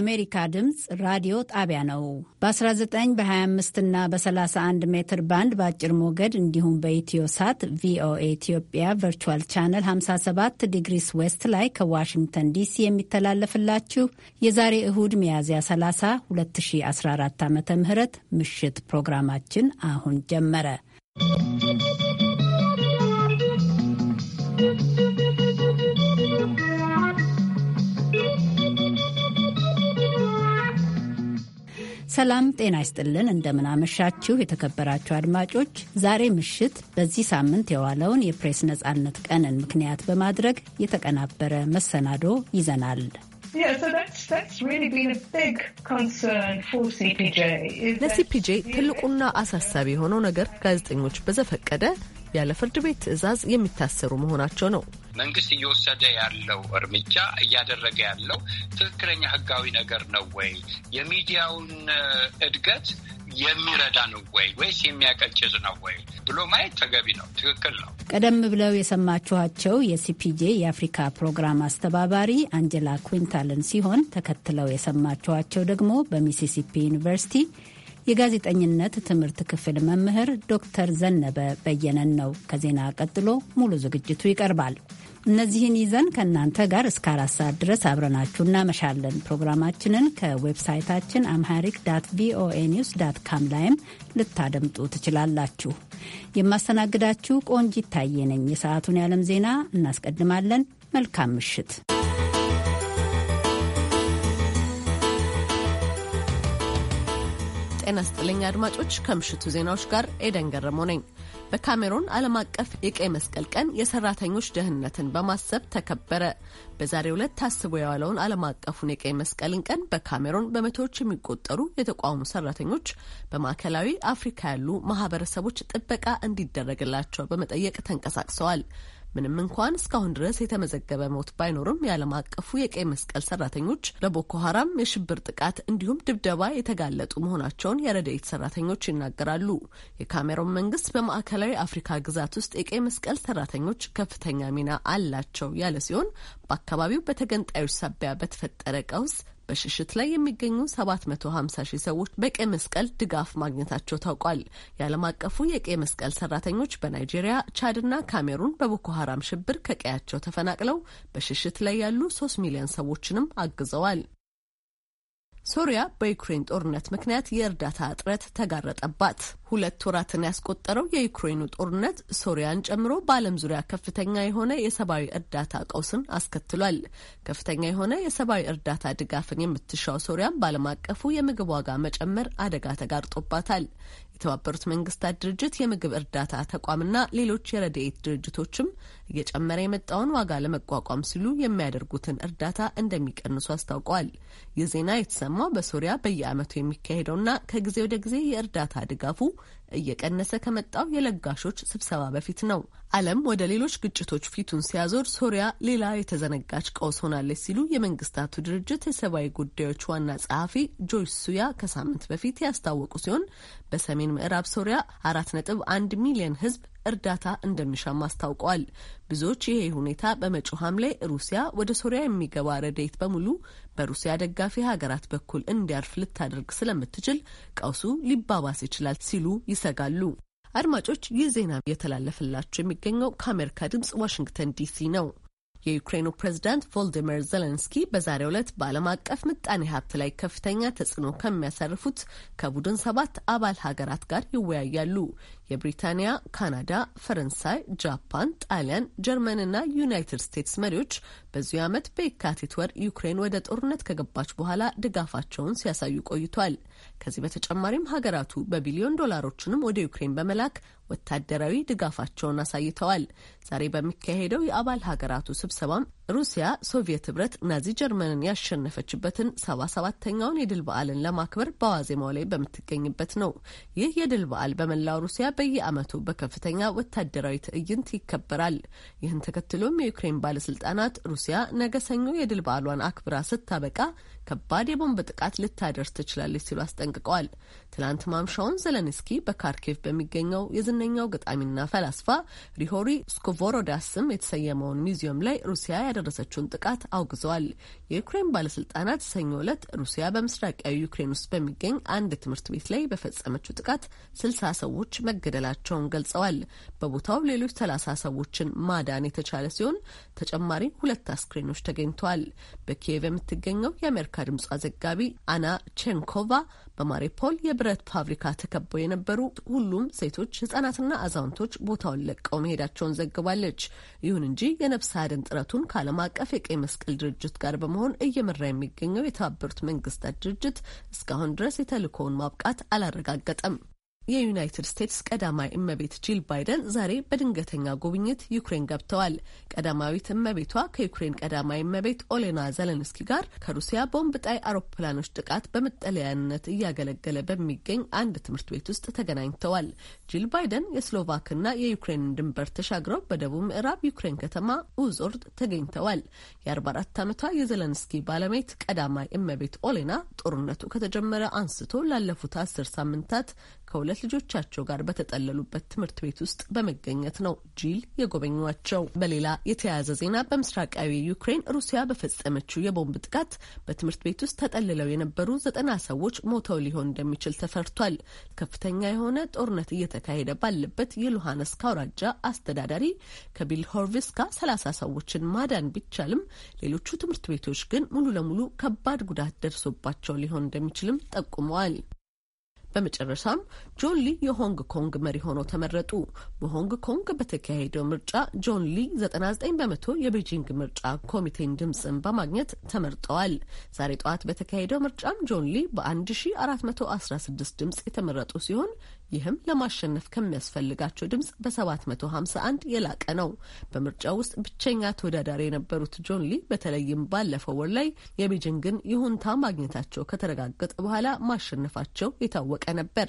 የአሜሪካ ድምፅ ራዲዮ ጣቢያ ነው። በ19 በ25 እና በ31 ሜትር ባንድ በአጭር ሞገድ እንዲሁም በኢትዮ ሳት ቪኦኤ ኢትዮጵያ ቨርቹዋል ቻነል 57 ዲግሪስ ዌስት ላይ ከዋሽንግተን ዲሲ የሚተላለፍላችሁ የዛሬ እሁድ ሚያዝያ 30 2014 ዓ ም ምሽት ፕሮግራማችን አሁን ጀመረ። ሰላም ጤና ይስጥልን። እንደምናመሻችሁ የተከበራችሁ አድማጮች፣ ዛሬ ምሽት በዚህ ሳምንት የዋለውን የፕሬስ ነጻነት ቀንን ምክንያት በማድረግ የተቀናበረ መሰናዶ ይዘናል። ለሲፒጄ ትልቁና አሳሳቢ የሆነው ነገር ጋዜጠኞች በዘፈቀደ ያለ ፍርድ ቤት ትዕዛዝ የሚታሰሩ መሆናቸው ነው። መንግስት እየወሰደ ያለው እርምጃ እያደረገ ያለው ትክክለኛ ህጋዊ ነገር ነው ወይ? የሚዲያውን እድገት የሚረዳ ነው ወይ ወይስ የሚያቀጭዝ ነው ወይ ብሎ ማየት ተገቢ ነው። ትክክል ነው። ቀደም ብለው የሰማችኋቸው የሲፒጄ የአፍሪካ ፕሮግራም አስተባባሪ አንጀላ ኩንታልን ሲሆን ተከትለው የሰማችኋቸው ደግሞ በሚሲሲፒ ዩኒቨርሲቲ የጋዜጠኝነት ትምህርት ክፍል መምህር ዶክተር ዘነበ በየነን ነው። ከዜና ቀጥሎ ሙሉ ዝግጅቱ ይቀርባል። እነዚህን ይዘን ከእናንተ ጋር እስከ አራት ሰዓት ድረስ አብረናችሁ እናመሻለን። ፕሮግራማችንን ከዌብሳይታችን አምሃሪክ ዳት ቪኦኤ ኒውስ ዳት ካም ላይም ልታደምጡ ትችላላችሁ። የማስተናግዳችሁ ቆንጂ ይታየ ነኝ። የሰዓቱን የዓለም ዜና እናስቀድማለን። መልካም ምሽት። ጤና ስጥልኝ አድማጮች፣ ከምሽቱ ዜናዎች ጋር ኤደን ገረመው ነኝ። በካሜሮን ዓለም አቀፍ የቀይ መስቀል ቀን የሰራተኞች ደህንነትን በማሰብ ተከበረ። በዛሬው ዕለት ታስቦ የዋለውን ዓለም አቀፉን የቀይ መስቀልን ቀን በካሜሮን በመቶዎች የሚቆጠሩ የተቋሙ ሰራተኞች በማዕከላዊ አፍሪካ ያሉ ማህበረሰቦች ጥበቃ እንዲደረግላቸው በመጠየቅ ተንቀሳቅሰዋል። ምንም እንኳን እስካሁን ድረስ የተመዘገበ ሞት ባይኖርም የዓለም አቀፉ የቀይ መስቀል ሰራተኞች ለቦኮ ሀራም የሽብር ጥቃት እንዲሁም ድብደባ የተጋለጡ መሆናቸውን የረድኤት ሰራተኞች ይናገራሉ። የካሜሮን መንግስት በማዕከላዊ አፍሪካ ግዛት ውስጥ የቀይ መስቀል ሰራተኞች ከፍተኛ ሚና አላቸው ያለ ሲሆን በአካባቢው በተገንጣዮች ሳቢያ በተፈጠረ ቀውስ በሽሽት ላይ የሚገኙ 750 ሺህ ሰዎች በቀይ መስቀል ድጋፍ ማግኘታቸው ታውቋል። የዓለም አቀፉ የቀይ መስቀል ሰራተኞች በናይጄሪያ፣ ቻድና ካሜሩን በቦኮ ሀራም ሽብር ከቀያቸው ተፈናቅለው በሽሽት ላይ ያሉ 3 ሚሊዮን ሰዎችንም አግዘዋል። ሶሪያ በዩክሬን ጦርነት ምክንያት የእርዳታ እጥረት ተጋረጠባት። ሁለት ወራትን ያስቆጠረው የዩክሬኑ ጦርነት ሶሪያን ጨምሮ በዓለም ዙሪያ ከፍተኛ የሆነ የሰብአዊ እርዳታ ቀውስን አስከትሏል። ከፍተኛ የሆነ የሰብአዊ እርዳታ ድጋፍን የምትሻው ሶሪያን በዓለም አቀፉ የምግብ ዋጋ መጨመር አደጋ ተጋርጦባታል። የተባበሩት መንግስታት ድርጅት የምግብ እርዳታ ተቋምና ሌሎች የረድኤት ድርጅቶችም እየጨመረ የመጣውን ዋጋ ለመቋቋም ሲሉ የሚያደርጉትን እርዳታ እንደሚቀንሱ አስታውቀዋል። ይህ ዜና የተሰማው በሶሪያ በየዓመቱ የሚካሄደውና ከጊዜ ወደ ጊዜ የእርዳታ ድጋፉ እየቀነሰ ከመጣው የለጋሾች ስብሰባ በፊት ነው። ዓለም ወደ ሌሎች ግጭቶች ፊቱን ሲያዞር ሶሪያ ሌላ የተዘነጋች ቀውስ ሆናለች ሲሉ የመንግስታቱ ድርጅት የሰብአዊ ጉዳዮች ዋና ጸሐፊ ጆይስ ሱያ ከሳምንት በፊት ያስታወቁ ሲሆን በሰሜን ምዕራብ ሶሪያ አራት ነጥብ አንድ ሚሊዮን ሕዝብ እርዳታ እንደሚሻም አስታውቀዋል። ብዙዎች ይሄ ሁኔታ በመጪው ሐምሌ ሩሲያ ወደ ሶሪያ የሚገባ ረድኤት በሙሉ በሩሲያ ደጋፊ ሀገራት በኩል እንዲያርፍ ልታደርግ ስለምትችል ቀውሱ ሊባባስ ይችላል ሲሉ ይሰጋሉ። አድማጮች ይህ ዜና እየተላለፈላችሁ የሚገኘው ከአሜሪካ ድምጽ ዋሽንግተን ዲሲ ነው። የዩክሬኑ ፕሬዝዳንት ቮልዲሚር ዜሌንስኪ በዛሬው ዕለት በዓለም አቀፍ ምጣኔ ሀብት ላይ ከፍተኛ ተጽዕኖ ከሚያሳርፉት ከቡድን ሰባት አባል ሀገራት ጋር ይወያያሉ። የብሪታንያ፣ ካናዳ፣ ፈረንሳይ፣ ጃፓን፣ ጣሊያን፣ ጀርመንና ዩናይትድ ስቴትስ መሪዎች በዚሁ ዓመት በየካቲት ወር ዩክሬን ወደ ጦርነት ከገባች በኋላ ድጋፋቸውን ሲያሳዩ ቆይቷል። ከዚህ በተጨማሪም ሀገራቱ በቢሊዮን ዶላሮችንም ወደ ዩክሬን በመላክ ወታደራዊ ድጋፋቸውን አሳይተዋል። ዛሬ በሚካሄደው የአባል ሀገራቱ ስብሰባም ሩሲያ ሶቪየት ህብረት ናዚ ጀርመንን ያሸነፈችበትን ሰባ ሰባተኛውን የድል በዓልን ለማክበር በዋዜማው ላይ በምትገኝበት ነው። ይህ የድል በዓል በመላው ሩሲያ በየዓመቱ በከፍተኛ ወታደራዊ ትዕይንት ይከበራል። ይህን ተከትሎም የዩክሬን ባለስልጣናት ሩሲያ ነገ ሰኞ የድል በዓሏን አክብራ ስታበቃ ከባድ የቦምብ ጥቃት ልታደርስ ትችላለች ሲሉ አስጠንቅቀዋል። ትናንት ማምሻውን ዘለንስኪ በካርኬቭ በሚገኘው የዝነኛው ገጣሚና ፈላስፋ ሪሆሪ ስኮቮሮዳ ስም የተሰየመውን ሚዚየም ላይ ሩሲያ ያደረሰችውን ጥቃት አውግዘዋል። የዩክሬን ባለስልጣናት ሰኞ ዕለት ሩሲያ በምስራቃዊ ዩክሬን ውስጥ በሚገኝ አንድ ትምህርት ቤት ላይ በፈጸመችው ጥቃት ስልሳ ሰዎች መገደላቸውን ገልጸዋል። በቦታው ሌሎች ሰላሳ ሰዎችን ማዳን የተቻለ ሲሆን ተጨማሪ ሁለት አስክሬኖች ተገኝተዋል። በኪየቭ የምትገኘው የአሜሪካ ድምጽ ዘጋቢ አና ቼንኮቫ በማሪፖል የብረት ፋብሪካ ተከበው የነበሩ ሁሉም ሴቶች፣ ህጻናትና አዛውንቶች ቦታውን ለቀው መሄዳቸውን ዘግባለች። ይሁን እንጂ የነፍስ አድን ጥረቱን ከዓለም አቀፍ የቀይ መስቀል ድርጅት ጋር በመሆን እየመራ የሚገኘው የተባበሩት መንግስታት ድርጅት እስካሁን ድረስ የተልእኮውን ማብቃት አላረጋገጠም። የዩናይትድ ስቴትስ ቀዳማዊ እመቤት ጂል ባይደን ዛሬ በድንገተኛ ጉብኝት ዩክሬን ገብተዋል። ቀዳማዊት እመቤቷ ከዩክሬን ቀዳማዊ እመቤት ኦሌና ዘለንስኪ ጋር ከሩሲያ ቦምብ ጣይ አውሮፕላኖች ጥቃት በመጠለያነት እያገለገለ በሚገኝ አንድ ትምህርት ቤት ውስጥ ተገናኝተዋል። ጂል ባይደን የስሎቫክና የዩክሬንን ድንበር ተሻግረው በደቡብ ምዕራብ ዩክሬን ከተማ ኡዞርድ ተገኝተዋል። የ44 ዓመቷ የዘለንስኪ ባለቤት ቀዳማዊ እመቤት ኦሌና ጦርነቱ ከተጀመረ አንስቶ ላለፉት አስር ሳምንታት ከሁለት ልጆቻቸው ጋር በተጠለሉበት ትምህርት ቤት ውስጥ በመገኘት ነው ጂል የጎበኟቸው። በሌላ የተያያዘ ዜና በምስራቃዊ ዩክሬን ሩሲያ በፈጸመችው የቦምብ ጥቃት በትምህርት ቤት ውስጥ ተጠልለው የነበሩ ዘጠና ሰዎች ሞተው ሊሆን እንደሚችል ተፈርቷል። ከፍተኛ የሆነ ጦርነት እየተካሄደ ባለበት የሉሃንስክ አውራጃ አስተዳዳሪ ከቢል ሰላሳ ሰዎችን ማዳን ቢቻልም ሌሎቹ ትምህርት ቤቶች ግን ሙሉ ለሙሉ ከባድ ጉዳት ደርሶባቸው ሊሆን እንደሚችልም ጠቁመዋል። በመጨረሻም ጆን ሊ የሆንግ ኮንግ መሪ ሆነው ተመረጡ። በሆንግ ኮንግ በተካሄደው ምርጫ ጆን ሊ 99 በመቶ የቤጂንግ ምርጫ ኮሚቴን ድምፅን በማግኘት ተመርጠዋል። ዛሬ ጠዋት በተካሄደው ምርጫም ጆን ሊ በ1416 ድምፅ የተመረጡ ሲሆን ይህም ለማሸነፍ ከሚያስፈልጋቸው ድምጽ በ751 የላቀ ነው። በምርጫው ውስጥ ብቸኛ ተወዳዳሪ የነበሩት ጆን ሊ በተለይም ባለፈው ወር ላይ የቤጂንግን ይሁንታ ማግኘታቸው ከተረጋገጠ በኋላ ማሸነፋቸው የታወቀ ነበር።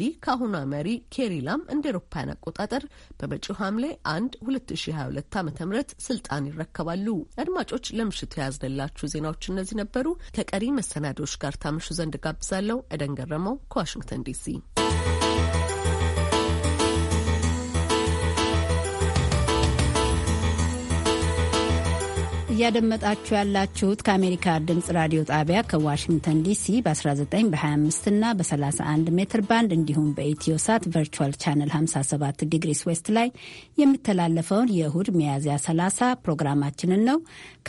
ሊ ከአሁኗ መሪ ኬሪ ላም እንደ ኤሮፓያን አቆጣጠር በመጪው ሐምሌ 1 2022 ዓ ም ስልጣን ይረከባሉ። አድማጮች ለምሽቱ የያዝንላችሁ ዜናዎች እነዚህ ነበሩ። ከቀሪ መሰናዶዎች ጋር ታምሹ ዘንድ ጋብዛለሁ። ኤደን ገረመው ከዋሽንግተን ዲሲ እያደመጣችሁ ያላችሁት ከአሜሪካ ድምፅ ራዲዮ ጣቢያ ከዋሽንግተን ዲሲ በ19 በ25 እና በ31 ሜትር ባንድ እንዲሁም በኢትዮ ሳት ቨርቹዋል ቻነል 57 ዲግሪስ ዌስት ላይ የሚተላለፈውን የእሁድ ሚያዝያ 30 ፕሮግራማችንን ነው።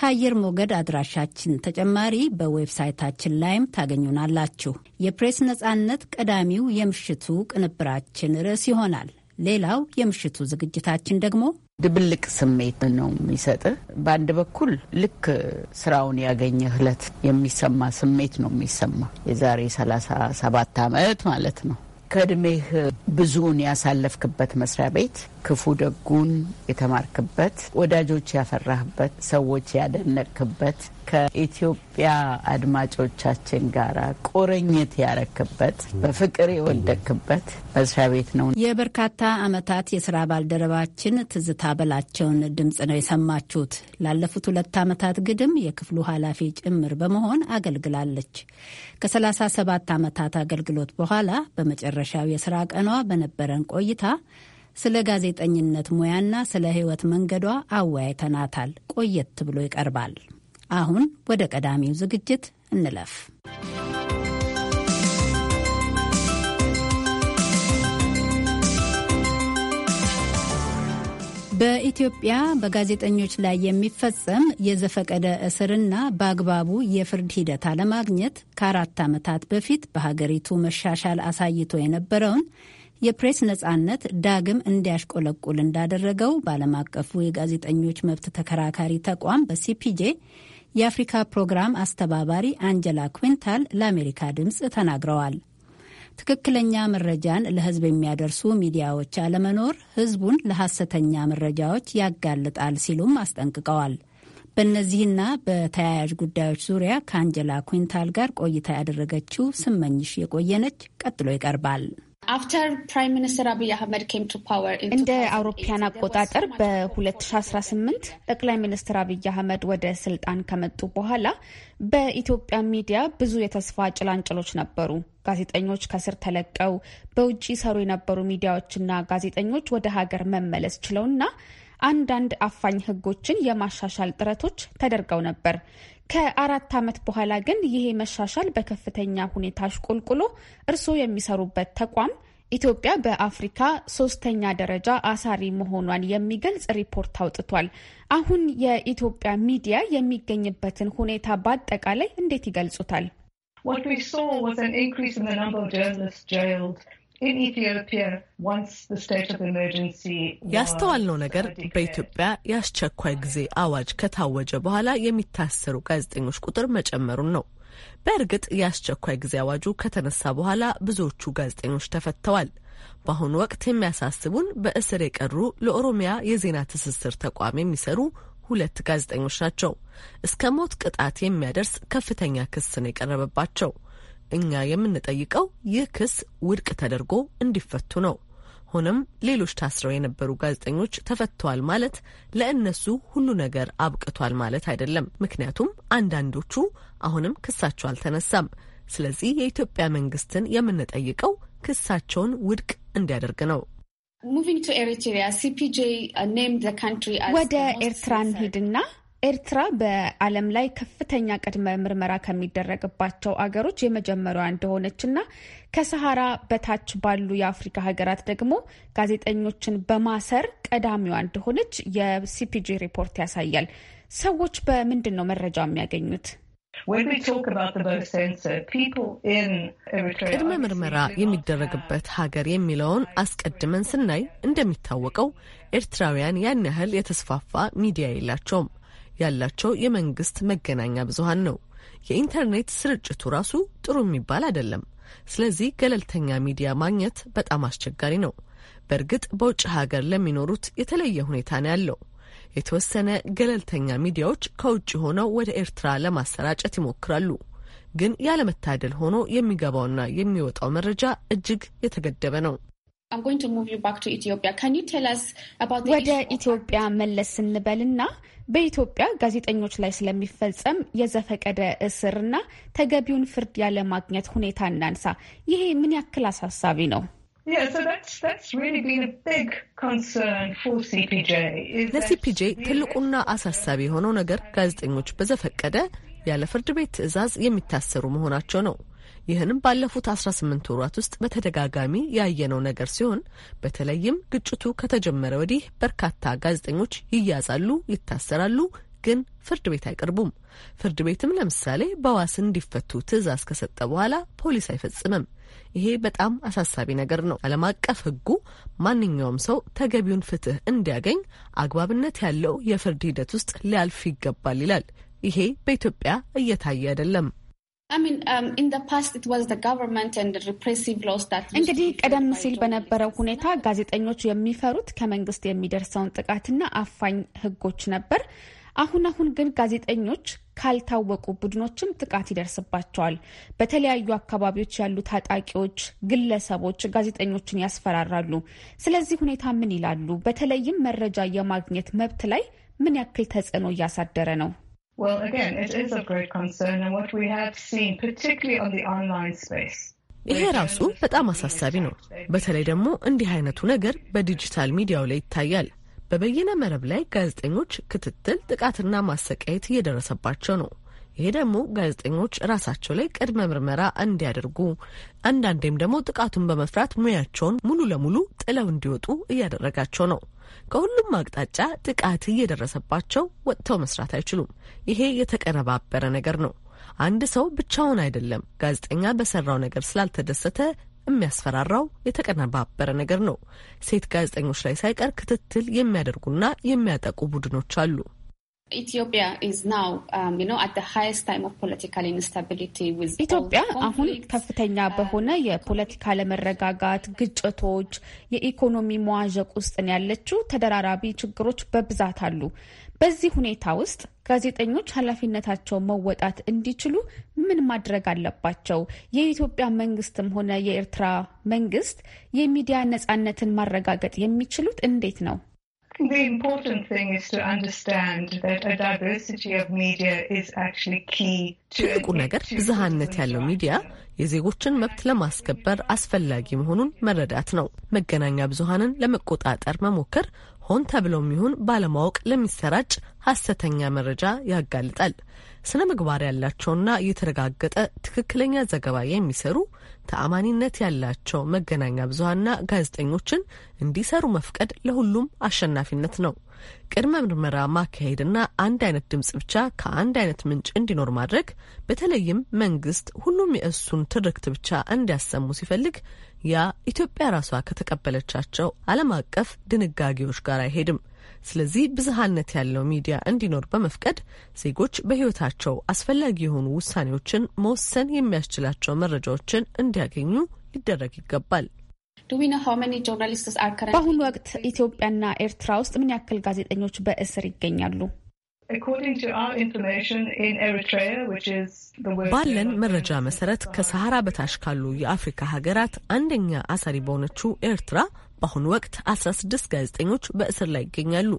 ከአየር ሞገድ አድራሻችን ተጨማሪ በዌብሳይታችን ላይም ታገኙናላችሁ። የፕሬስ ነጻነት ቀዳሚው የምሽቱ ቅንብራችን ርዕስ ይሆናል። ሌላው የምሽቱ ዝግጅታችን ደግሞ ድብልቅ ስሜት ነው የሚሰጥ። በአንድ በኩል ልክ ስራውን ያገኘ ህለት የሚሰማ ስሜት ነው የሚሰማ የዛሬ ሰላሳ ሰባት አመት ማለት ነው ከእድሜህ ብዙውን ያሳለፍክበት መስሪያ ቤት ክፉ ደጉን የተማርክበት፣ ወዳጆች ያፈራህበት፣ ሰዎች ያደነክበት ከኢትዮጵያ አድማጮቻችን ጋር ቆረኝት ያረክበት፣ በፍቅር የወደክበት መስሪያ ቤት ነው። የበርካታ ዓመታት የስራ ባልደረባችን ትዝታ በላቸውን ድምፅ ነው የሰማችሁት። ላለፉት ሁለት ዓመታት ግድም የክፍሉ ኃላፊ ጭምር በመሆን አገልግላለች። ከ37 ዓመታት አገልግሎት በኋላ በመጨረሻው የስራ ቀኗ በነበረን ቆይታ ስለ ጋዜጠኝነት ሙያና ስለ ሕይወት መንገዷ አወያይተናታል። ቆየት ብሎ ይቀርባል። አሁን ወደ ቀዳሚው ዝግጅት እንለፍ። በኢትዮጵያ በጋዜጠኞች ላይ የሚፈጸም የዘፈቀደ እስርና በአግባቡ የፍርድ ሂደት አለማግኘት ከአራት ዓመታት በፊት በሀገሪቱ መሻሻል አሳይቶ የነበረውን የፕሬስ ነጻነት ዳግም እንዲያሽቆለቁል እንዳደረገው በዓለም አቀፉ የጋዜጠኞች መብት ተከራካሪ ተቋም በሲፒጄ የአፍሪካ ፕሮግራም አስተባባሪ አንጀላ ኩዊንታል ለአሜሪካ ድምፅ ተናግረዋል። ትክክለኛ መረጃን ለሕዝብ የሚያደርሱ ሚዲያዎች አለመኖር ሕዝቡን ለሐሰተኛ መረጃዎች ያጋልጣል ሲሉም አስጠንቅቀዋል። በእነዚህና በተያያዥ ጉዳዮች ዙሪያ ከአንጀላ ኩንታል ጋር ቆይታ ያደረገችው ስመኝሽ የቆየነች ቀጥሎ ይቀርባል። እንደ አውሮፓያን አቆጣጠር በ2018 ጠቅላይ ሚኒስትር አብይ አህመድ ወደ ስልጣን ከመጡ በኋላ በኢትዮጵያ ሚዲያ ብዙ የተስፋ ጭላንጭሎች ነበሩ። ጋዜጠኞች ከስር ተለቀው በውጭ ሰሩ የነበሩ ሚዲያዎችና ጋዜጠኞች ወደ ሀገር መመለስ ችለውና አንዳንድ አፋኝ ህጎችን የማሻሻል ጥረቶች ተደርገው ነበር። ከአራት ዓመት በኋላ ግን ይሄ መሻሻል በከፍተኛ ሁኔታ አሽቆልቁሎ እርስዎ የሚሰሩበት ተቋም ኢትዮጵያ በአፍሪካ ሶስተኛ ደረጃ አሳሪ መሆኗን የሚገልጽ ሪፖርት አውጥቷል። አሁን የኢትዮጵያ ሚዲያ የሚገኝበትን ሁኔታ በአጠቃላይ እንዴት ይገልጹታል? What we saw was an increase in the number of journalists jailed ያስተዋልነው ነገር በኢትዮጵያ የአስቸኳይ ጊዜ አዋጅ ከታወጀ በኋላ የሚታሰሩ ጋዜጠኞች ቁጥር መጨመሩን ነው። በእርግጥ የአስቸኳይ ጊዜ አዋጁ ከተነሳ በኋላ ብዙዎቹ ጋዜጠኞች ተፈተዋል። በአሁኑ ወቅት የሚያሳስቡን በእስር የቀሩ ለኦሮሚያ የዜና ትስስር ተቋም የሚሰሩ ሁለት ጋዜጠኞች ናቸው። እስከ ሞት ቅጣት የሚያደርስ ከፍተኛ ክስ ነው የቀረበባቸው። እኛ የምንጠይቀው ይህ ክስ ውድቅ ተደርጎ እንዲፈቱ ነው። ሆነም ሌሎች ታስረው የነበሩ ጋዜጠኞች ተፈተዋል ማለት ለእነሱ ሁሉ ነገር አብቅቷል ማለት አይደለም። ምክንያቱም አንዳንዶቹ አሁንም ክሳቸው አልተነሳም። ስለዚህ የኢትዮጵያ መንግስትን የምንጠይቀው ክሳቸውን ውድቅ እንዲያደርግ ነው። uh, ወደ ኤርትራ እንሂድና ኤርትራ በዓለም ላይ ከፍተኛ ቅድመ ምርመራ ከሚደረግባቸው አገሮች የመጀመሪያዋ እንደሆነች እና ከሰሃራ በታች ባሉ የአፍሪካ ሀገራት ደግሞ ጋዜጠኞችን በማሰር ቀዳሚዋ እንደሆነች የሲፒጂ ሪፖርት ያሳያል። ሰዎች በምንድን ነው መረጃ የሚያገኙት? ቅድመ ምርመራ የሚደረግበት ሀገር የሚለውን አስቀድመን ስናይ እንደሚታወቀው ኤርትራውያን ያን ያህል የተስፋፋ ሚዲያ የላቸውም። ያላቸው የመንግስት መገናኛ ብዙሀን ነው። የኢንተርኔት ስርጭቱ ራሱ ጥሩ የሚባል አይደለም። ስለዚህ ገለልተኛ ሚዲያ ማግኘት በጣም አስቸጋሪ ነው። በእርግጥ በውጭ ሀገር ለሚኖሩት የተለየ ሁኔታ ነው ያለው። የተወሰነ ገለልተኛ ሚዲያዎች ከውጭ ሆነው ወደ ኤርትራ ለማሰራጨት ይሞክራሉ። ግን ያለመታደል ሆኖ የሚገባውና የሚወጣው መረጃ እጅግ የተገደበ ነው። ወደ ኢትዮጵያ መለስ ስንበልና በኢትዮጵያ ጋዜጠኞች ላይ ስለሚፈጸም የዘፈቀደ እስርና ተገቢውን ፍርድ ያለማግኘት ሁኔታ እናንሳ። ይሄ ምን ያክል አሳሳቢ ነው? ለሲፒጄ ትልቁና አሳሳቢ የሆነው ነገር ጋዜጠኞች በዘፈቀደ ያለ ፍርድ ቤት ትዕዛዝ የሚታሰሩ መሆናቸው ነው። ይህንም ባለፉት 18 ወራት ውስጥ በተደጋጋሚ ያየነው ነገር ሲሆን በተለይም ግጭቱ ከተጀመረ ወዲህ በርካታ ጋዜጠኞች ይያዛሉ፣ ይታሰራሉ፣ ግን ፍርድ ቤት አይቀርቡም። ፍርድ ቤትም ለምሳሌ በዋስ እንዲፈቱ ትዕዛዝ ከሰጠ በኋላ ፖሊስ አይፈጽምም። ይሄ በጣም አሳሳቢ ነገር ነው። ዓለም አቀፍ ሕጉ ማንኛውም ሰው ተገቢውን ፍትህ እንዲያገኝ አግባብነት ያለው የፍርድ ሂደት ውስጥ ሊያልፍ ይገባል ይላል። ይሄ በኢትዮጵያ እየታየ አይደለም። Um, እንግዲህ ቀደም ሲል በነበረው ሁኔታ ጋዜጠኞች የሚፈሩት ከመንግስት የሚደርሰውን ጥቃትና አፋኝ ህጎች ነበር። አሁን አሁን ግን ጋዜጠኞች ካልታወቁ ቡድኖችም ጥቃት ይደርስባቸዋል። በተለያዩ አካባቢዎች ያሉ ታጣቂዎች፣ ግለሰቦች ጋዜጠኞችን ያስፈራራሉ። ስለዚህ ሁኔታ ምን ይላሉ? በተለይም መረጃ የማግኘት መብት ላይ ምን ያክል ተጽዕኖ እያሳደረ ነው? Well, again, it is of great concern and what we have seen, particularly on the online space. ይሄ ራሱ በጣም አሳሳቢ ነው። በተለይ ደግሞ እንዲህ አይነቱ ነገር በዲጂታል ሚዲያው ላይ ይታያል። በበይነ መረብ ላይ ጋዜጠኞች ክትትል፣ ጥቃትና ማሰቃየት እየደረሰባቸው ነው። ይሄ ደግሞ ጋዜጠኞች ራሳቸው ላይ ቅድመ ምርመራ እንዲያደርጉ አንዳንዴም ደግሞ ጥቃቱን በመፍራት ሙያቸውን ሙሉ ለሙሉ ጥለው እንዲወጡ እያደረጋቸው ነው። ከሁሉም አቅጣጫ ጥቃት እየደረሰባቸው ወጥተው መስራት አይችሉም። ይሄ የተቀነባበረ ነገር ነው። አንድ ሰው ብቻውን አይደለም። ጋዜጠኛ በሰራው ነገር ስላልተደሰተ የሚያስፈራራው የተቀነባበረ ነገር ነው። ሴት ጋዜጠኞች ላይ ሳይቀር ክትትል የሚያደርጉና የሚያጠቁ ቡድኖች አሉ። ኢትዮጵያ um, አሁን ከፍተኛ በሆነ የፖለቲካ አለመረጋጋት፣ ግጭቶች፣ የኢኮኖሚ መዋዠቅ ውስጥን ያለችው። ተደራራቢ ችግሮች በብዛት አሉ። በዚህ ሁኔታ ውስጥ ጋዜጠኞች ኃላፊነታቸው መወጣት እንዲችሉ ምን ማድረግ አለባቸው? የኢትዮጵያ መንግስትም ሆነ የኤርትራ መንግስት የሚዲያ ነጻነትን ማረጋገጥ የሚችሉት እንዴት ነው? the important thing is to understand that a diversity of media is actually key to ትልቁ ነገር ብዝሃነት ያለው ሚዲያ የዜጎችን መብት ለማስከበር አስፈላጊ መሆኑን መረዳት ነው። መገናኛ ብዙሃንን ለመቆጣጠር መሞከር ሆን ተብሎም ይሁን ባለማወቅ ለሚሰራጭ ሐሰተኛ መረጃ ያጋልጣል። ስነ ምግባር ያላቸውና የተረጋገጠ ትክክለኛ ዘገባ የሚሰሩ ተአማኒነት ያላቸው መገናኛ ብዙሀንና ጋዜጠኞችን እንዲሰሩ መፍቀድ ለሁሉም አሸናፊነት ነው። ቅድመ ምርመራ ማካሄድና አንድ አይነት ድምጽ ብቻ ከአንድ አይነት ምንጭ እንዲኖር ማድረግ፣ በተለይም መንግስት ሁሉም የእሱን ትርክት ብቻ እንዲያሰሙ ሲፈልግ ያ ኢትዮጵያ ራሷ ከተቀበለቻቸው ዓለም አቀፍ ድንጋጌዎች ጋር አይሄድም። ስለዚህ ብዝሃነት ያለው ሚዲያ እንዲኖር በመፍቀድ ዜጎች በህይወታቸው አስፈላጊ የሆኑ ውሳኔዎችን መወሰን የሚያስችላቸው መረጃዎችን እንዲያገኙ ሊደረግ ይገባል። በአሁኑ ወቅት ኢትዮጵያና ኤርትራ ውስጥ ምን ያክል ጋዜጠኞች በእስር ይገኛሉ? ባለን መረጃ መሰረት ከሰሃራ በታች ካሉ የአፍሪካ ሀገራት አንደኛ አሳሪ በሆነችው ኤርትራ በአሁኑ ወቅት 16 ጋዜጠኞች በእስር ላይ ይገኛሉ።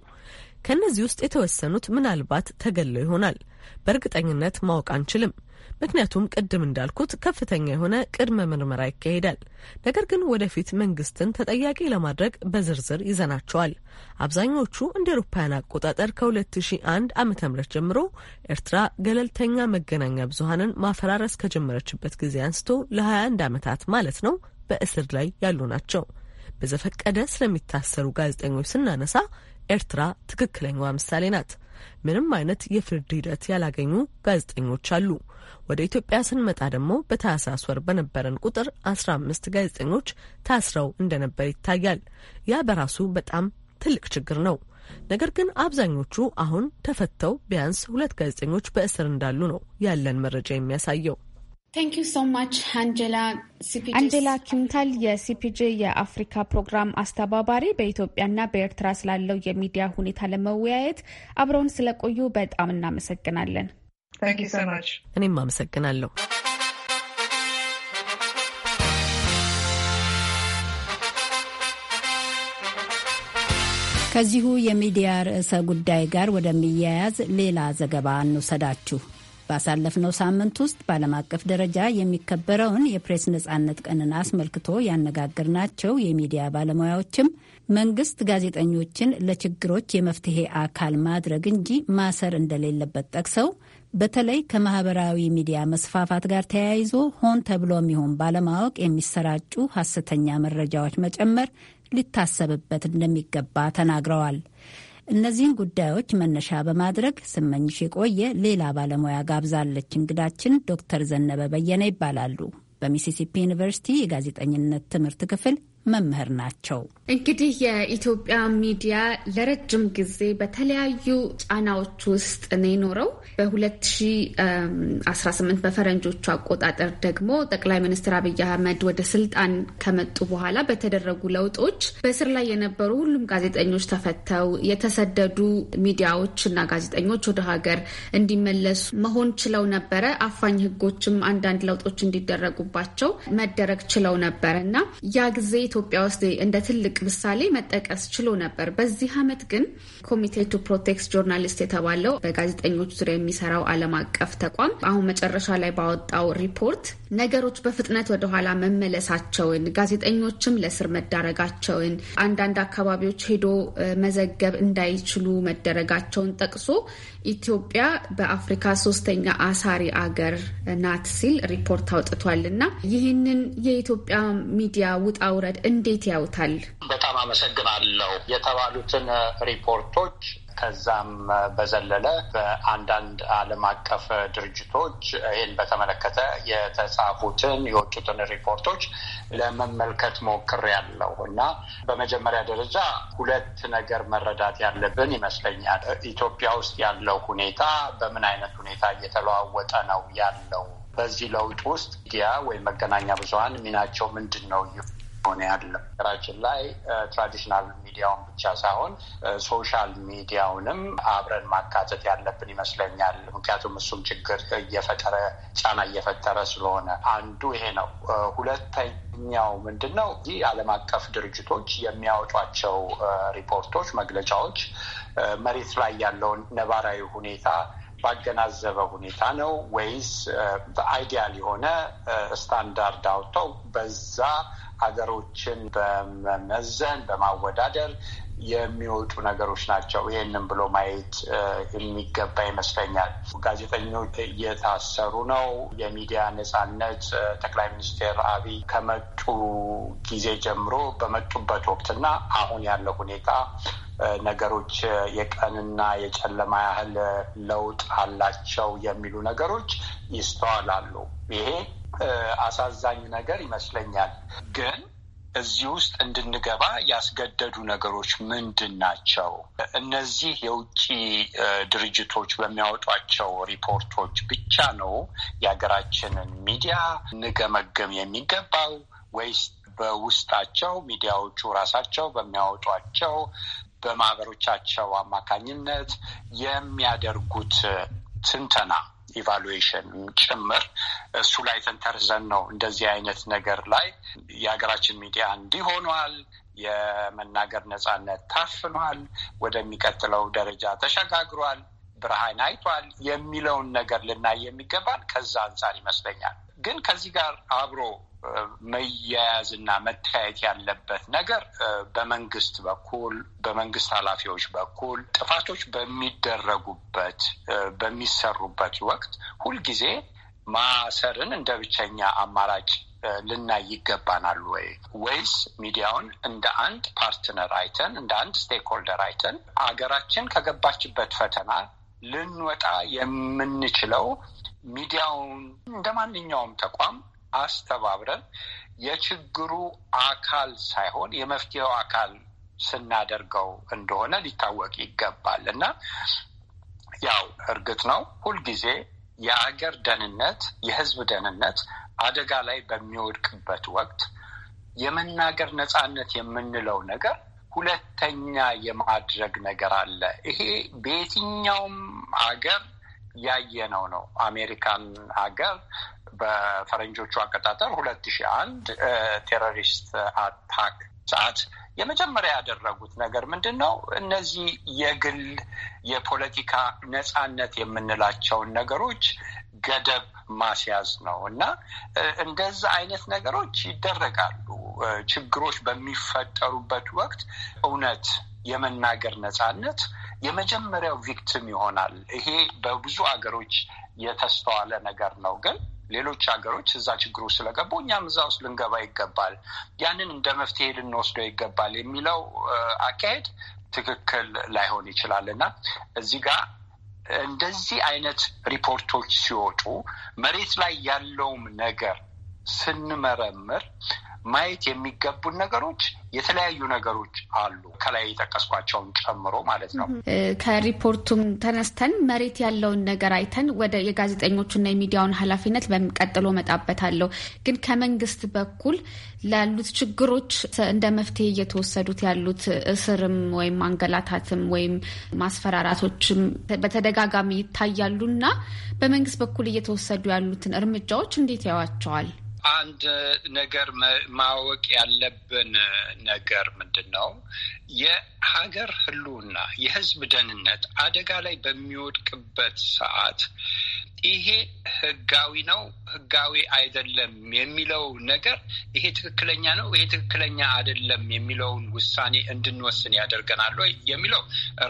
ከእነዚህ ውስጥ የተወሰኑት ምናልባት ተገለው ይሆናል። በእርግጠኝነት ማወቅ አንችልም። ምክንያቱም ቅድም እንዳልኩት ከፍተኛ የሆነ ቅድመ ምርመራ ይካሄዳል። ነገር ግን ወደፊት መንግስትን ተጠያቂ ለማድረግ በዝርዝር ይዘናቸዋል። አብዛኞቹ እንደ ኤሮፓውያን አቆጣጠር ከ2001 ዓ.ም ጀምሮ ኤርትራ ገለልተኛ መገናኛ ብዙሀንን ማፈራረስ ከጀመረችበት ጊዜ አንስቶ ለ21 ዓመታት ማለት ነው በእስር ላይ ያሉ ናቸው። በዘፈቀደ ስለሚታሰሩ ጋዜጠኞች ስናነሳ ኤርትራ ትክክለኛዋ ምሳሌ ናት። ምንም አይነት የፍርድ ሂደት ያላገኙ ጋዜጠኞች አሉ። ወደ ኢትዮጵያ ስንመጣ ደግሞ በታህሳስ ወር በነበረን ቁጥር አስራ አምስት ጋዜጠኞች ታስረው እንደነበር ይታያል። ያ በራሱ በጣም ትልቅ ችግር ነው። ነገር ግን አብዛኞቹ አሁን ተፈተው ቢያንስ ሁለት ጋዜጠኞች በእስር እንዳሉ ነው ያለን መረጃ የሚያሳየው። አንጀላ ኪምታል የሲፒጄ የአፍሪካ ፕሮግራም አስተባባሪ፣ በኢትዮጵያና በኤርትራ ስላለው የሚዲያ ሁኔታ ለመወያየት አብረውን ስለቆዩ በጣም እናመሰግናለን። እኔም አመሰግናለሁ። ከዚሁ የሚዲያ ርዕሰ ጉዳይ ጋር ወደሚያያዝ ሌላ ዘገባ እንውሰዳችሁ። ባሳለፍነው ሳምንት ውስጥ በዓለም አቀፍ ደረጃ የሚከበረውን የፕሬስ ነጻነት ቀንን አስመልክቶ ያነጋገርናቸው የሚዲያ ባለሙያዎችም መንግስት ጋዜጠኞችን ለችግሮች የመፍትሄ አካል ማድረግ እንጂ ማሰር እንደሌለበት ጠቅሰው በተለይ ከማህበራዊ ሚዲያ መስፋፋት ጋር ተያይዞ ሆን ተብሎ የሚሆን ባለማወቅ የሚሰራጩ ሀሰተኛ መረጃዎች መጨመር ሊታሰብበት እንደሚገባ ተናግረዋል። እነዚህን ጉዳዮች መነሻ በማድረግ ስመኝሽ የቆየ ሌላ ባለሙያ ጋብዛለች። እንግዳችን ዶክተር ዘነበ በየነ ይባላሉ። በሚሲሲፒ ዩኒቨርሲቲ የጋዜጠኝነት ትምህርት ክፍል መምህር ናቸው። እንግዲህ የኢትዮጵያ ሚዲያ ለረጅም ጊዜ በተለያዩ ጫናዎች ውስጥ ነው የኖረው። በ2018 በፈረንጆቹ አቆጣጠር ደግሞ ጠቅላይ ሚኒስትር አብይ አህመድ ወደ ስልጣን ከመጡ በኋላ በተደረጉ ለውጦች በእስር ላይ የነበሩ ሁሉም ጋዜጠኞች ተፈተው የተሰደዱ ሚዲያዎች እና ጋዜጠኞች ወደ ሀገር እንዲመለሱ መሆን ችለው ነበረ። አፋኝ ህጎችም አንዳንድ ለውጦች እንዲደረጉባቸው መደረግ ችለው ነበረ እና ያ ጊዜ ኢትዮጵያ ውስጥ እንደ ትልቅ ምሳሌ መጠቀስ ችሎ ነበር። በዚህ ዓመት ግን ኮሚቴ ቱ ፕሮቴክት ጆርናሊስት የተባለው በጋዜጠኞች ዙሪያ የሚሰራው ዓለም አቀፍ ተቋም አሁን መጨረሻ ላይ ባወጣው ሪፖርት ነገሮች በፍጥነት ወደኋላ መመለሳቸውን፣ ጋዜጠኞችም ለእስር መዳረጋቸውን፣ አንዳንድ አካባቢዎች ሄዶ መዘገብ እንዳይችሉ መደረጋቸውን ጠቅሶ ኢትዮጵያ በአፍሪካ ሶስተኛ አሳሪ አገር ናት ሲል ሪፖርት አውጥቷል እና ይህንን የኢትዮጵያ ሚዲያ ውጣ ውረድ እንዴት ያውታል? በጣም አመሰግናለሁ። የተባሉትን ሪፖርቶች ከዛም በዘለለ በአንዳንድ ዓለም አቀፍ ድርጅቶች ይህን በተመለከተ የተጻፉትን የወጡትን ሪፖርቶች ለመመልከት ሞክሬያለሁ እና በመጀመሪያ ደረጃ ሁለት ነገር መረዳት ያለብን ይመስለኛል። ኢትዮጵያ ውስጥ ያለው ሁኔታ በምን አይነት ሁኔታ እየተለዋወጠ ነው ያለው? በዚህ ለውጥ ውስጥ ሚዲያ ወይም መገናኛ ብዙኃን ሚናቸው ምንድን ነው እየሆነ ያለው ሀገራችን ላይ ትራዲሽናል ሚዲያውን ብቻ ሳይሆን ሶሻል ሚዲያውንም አብረን ማካተት ያለብን ይመስለኛል። ምክንያቱም እሱም ችግር እየፈጠረ ጫና እየፈጠረ ስለሆነ አንዱ ይሄ ነው። ሁለተኛው ምንድን ነው? ይህ ዓለም አቀፍ ድርጅቶች የሚያወጧቸው ሪፖርቶች፣ መግለጫዎች መሬት ላይ ያለውን ነባራዊ ሁኔታ ባገናዘበ ሁኔታ ነው ወይስ በአይዲያል የሆነ ስታንዳርድ አውጥተው በዛ ሀገሮችን በመመዘን በማወዳደር የሚወጡ ነገሮች ናቸው። ይህንን ብሎ ማየት የሚገባ ይመስለኛል። ጋዜጠኞች እየታሰሩ ነው። የሚዲያ ነጻነት ጠቅላይ ሚኒስትር አብይ ከመጡ ጊዜ ጀምሮ በመጡበት ወቅት እና አሁን ያለው ሁኔታ ነገሮች የቀንና የጨለማ ያህል ለውጥ አላቸው የሚሉ ነገሮች ይስተዋላሉ። ይሄ አሳዛኝ ነገር ይመስለኛል ግን እዚህ ውስጥ እንድንገባ ያስገደዱ ነገሮች ምንድን ናቸው? እነዚህ የውጭ ድርጅቶች በሚያወጧቸው ሪፖርቶች ብቻ ነው የሀገራችንን ሚዲያ ንገመገም የሚገባው ወይስ በውስጣቸው ሚዲያዎቹ ራሳቸው በሚያወጧቸው በማህበሮቻቸው አማካኝነት የሚያደርጉት ትንተና ኢቫሉዌሽን ጭምር እሱ ላይ ተንተርዘን ነው እንደዚህ አይነት ነገር ላይ የሀገራችን ሚዲያ እንዲሆኗል የመናገር ነጻነት ታፍኗል፣ ወደሚቀጥለው ደረጃ ተሸጋግሯል፣ ብርሃን አይቷል የሚለውን ነገር ልናይ የሚገባን ከዛ አንጻር ይመስለኛል። ግን ከዚህ ጋር አብሮ መያያዝና መታየት ያለበት ነገር በመንግስት በኩል በመንግስት ኃላፊዎች በኩል ጥፋቶች በሚደረጉበት በሚሰሩበት ወቅት ሁልጊዜ ማሰርን እንደ ብቸኛ አማራጭ ልናይ ይገባናል ወይ ወይስ ሚዲያውን እንደ አንድ ፓርትነር አይተን እንደ አንድ ስቴክሆልደር አይተን አገራችን ከገባችበት ፈተና ልንወጣ የምንችለው ሚዲያውን እንደ ማንኛውም ተቋም አስተባብረን የችግሩ አካል ሳይሆን የመፍትሄው አካል ስናደርገው እንደሆነ ሊታወቅ ይገባል እና ያው እርግጥ ነው ሁልጊዜ የአገር ደህንነት፣ የህዝብ ደህንነት አደጋ ላይ በሚወድቅበት ወቅት የመናገር ነፃነት የምንለው ነገር ሁለተኛ የማድረግ ነገር አለ። ይሄ በየትኛውም አገር ያየነው ነው። አሜሪካን ሀገር በፈረንጆቹ አቀጣጠር ሁለት ሺህ አንድ ቴሮሪስት አታክ ሰዓት የመጀመሪያ ያደረጉት ነገር ምንድን ነው? እነዚህ የግል የፖለቲካ ነጻነት የምንላቸውን ነገሮች ገደብ ማስያዝ ነው እና እንደዛ አይነት ነገሮች ይደረጋሉ። ችግሮች በሚፈጠሩበት ወቅት እውነት የመናገር ነፃነት የመጀመሪያው ቪክቲም ይሆናል። ይሄ በብዙ አገሮች የተስተዋለ ነገር ነው ግን ሌሎች ሀገሮች እዛ ችግሩ ስለገቡ እኛም እዛ ውስጥ ልንገባ ይገባል፣ ያንን እንደ መፍትሄ ልንወስደው ይገባል የሚለው አካሄድ ትክክል ላይሆን ይችላል እና እዚህ ጋር እንደዚህ አይነት ሪፖርቶች ሲወጡ መሬት ላይ ያለውም ነገር ስንመረምር ማየት የሚገቡን ነገሮች የተለያዩ ነገሮች አሉ ከላይ የጠቀስኳቸውን ጨምሮ ማለት ነው። ከሪፖርቱም ተነስተን መሬት ያለውን ነገር አይተን ወደ የጋዜጠኞቹና የሚዲያውን ኃላፊነት መጣበት አለው። ግን ከመንግስት በኩል ላሉት ችግሮች እንደ መፍትሄ እየተወሰዱት ያሉት እስርም ወይም ማንገላታትም ወይም ማስፈራራቶችም በተደጋጋሚ ይታያሉና በመንግስት በኩል እየተወሰዱ ያሉትን እርምጃዎች እንዴት ያዋቸዋል? አንድ ነገር ማወቅ ያለብን ነገር ምንድን ነው? የሀገር ህልውና የህዝብ ደህንነት አደጋ ላይ በሚወድቅበት ሰዓት ይሄ ህጋዊ ነው፣ ህጋዊ አይደለም የሚለው ነገር ይሄ ትክክለኛ ነው፣ ይሄ ትክክለኛ አይደለም የሚለውን ውሳኔ እንድንወስን ያደርገናል ወይ የሚለው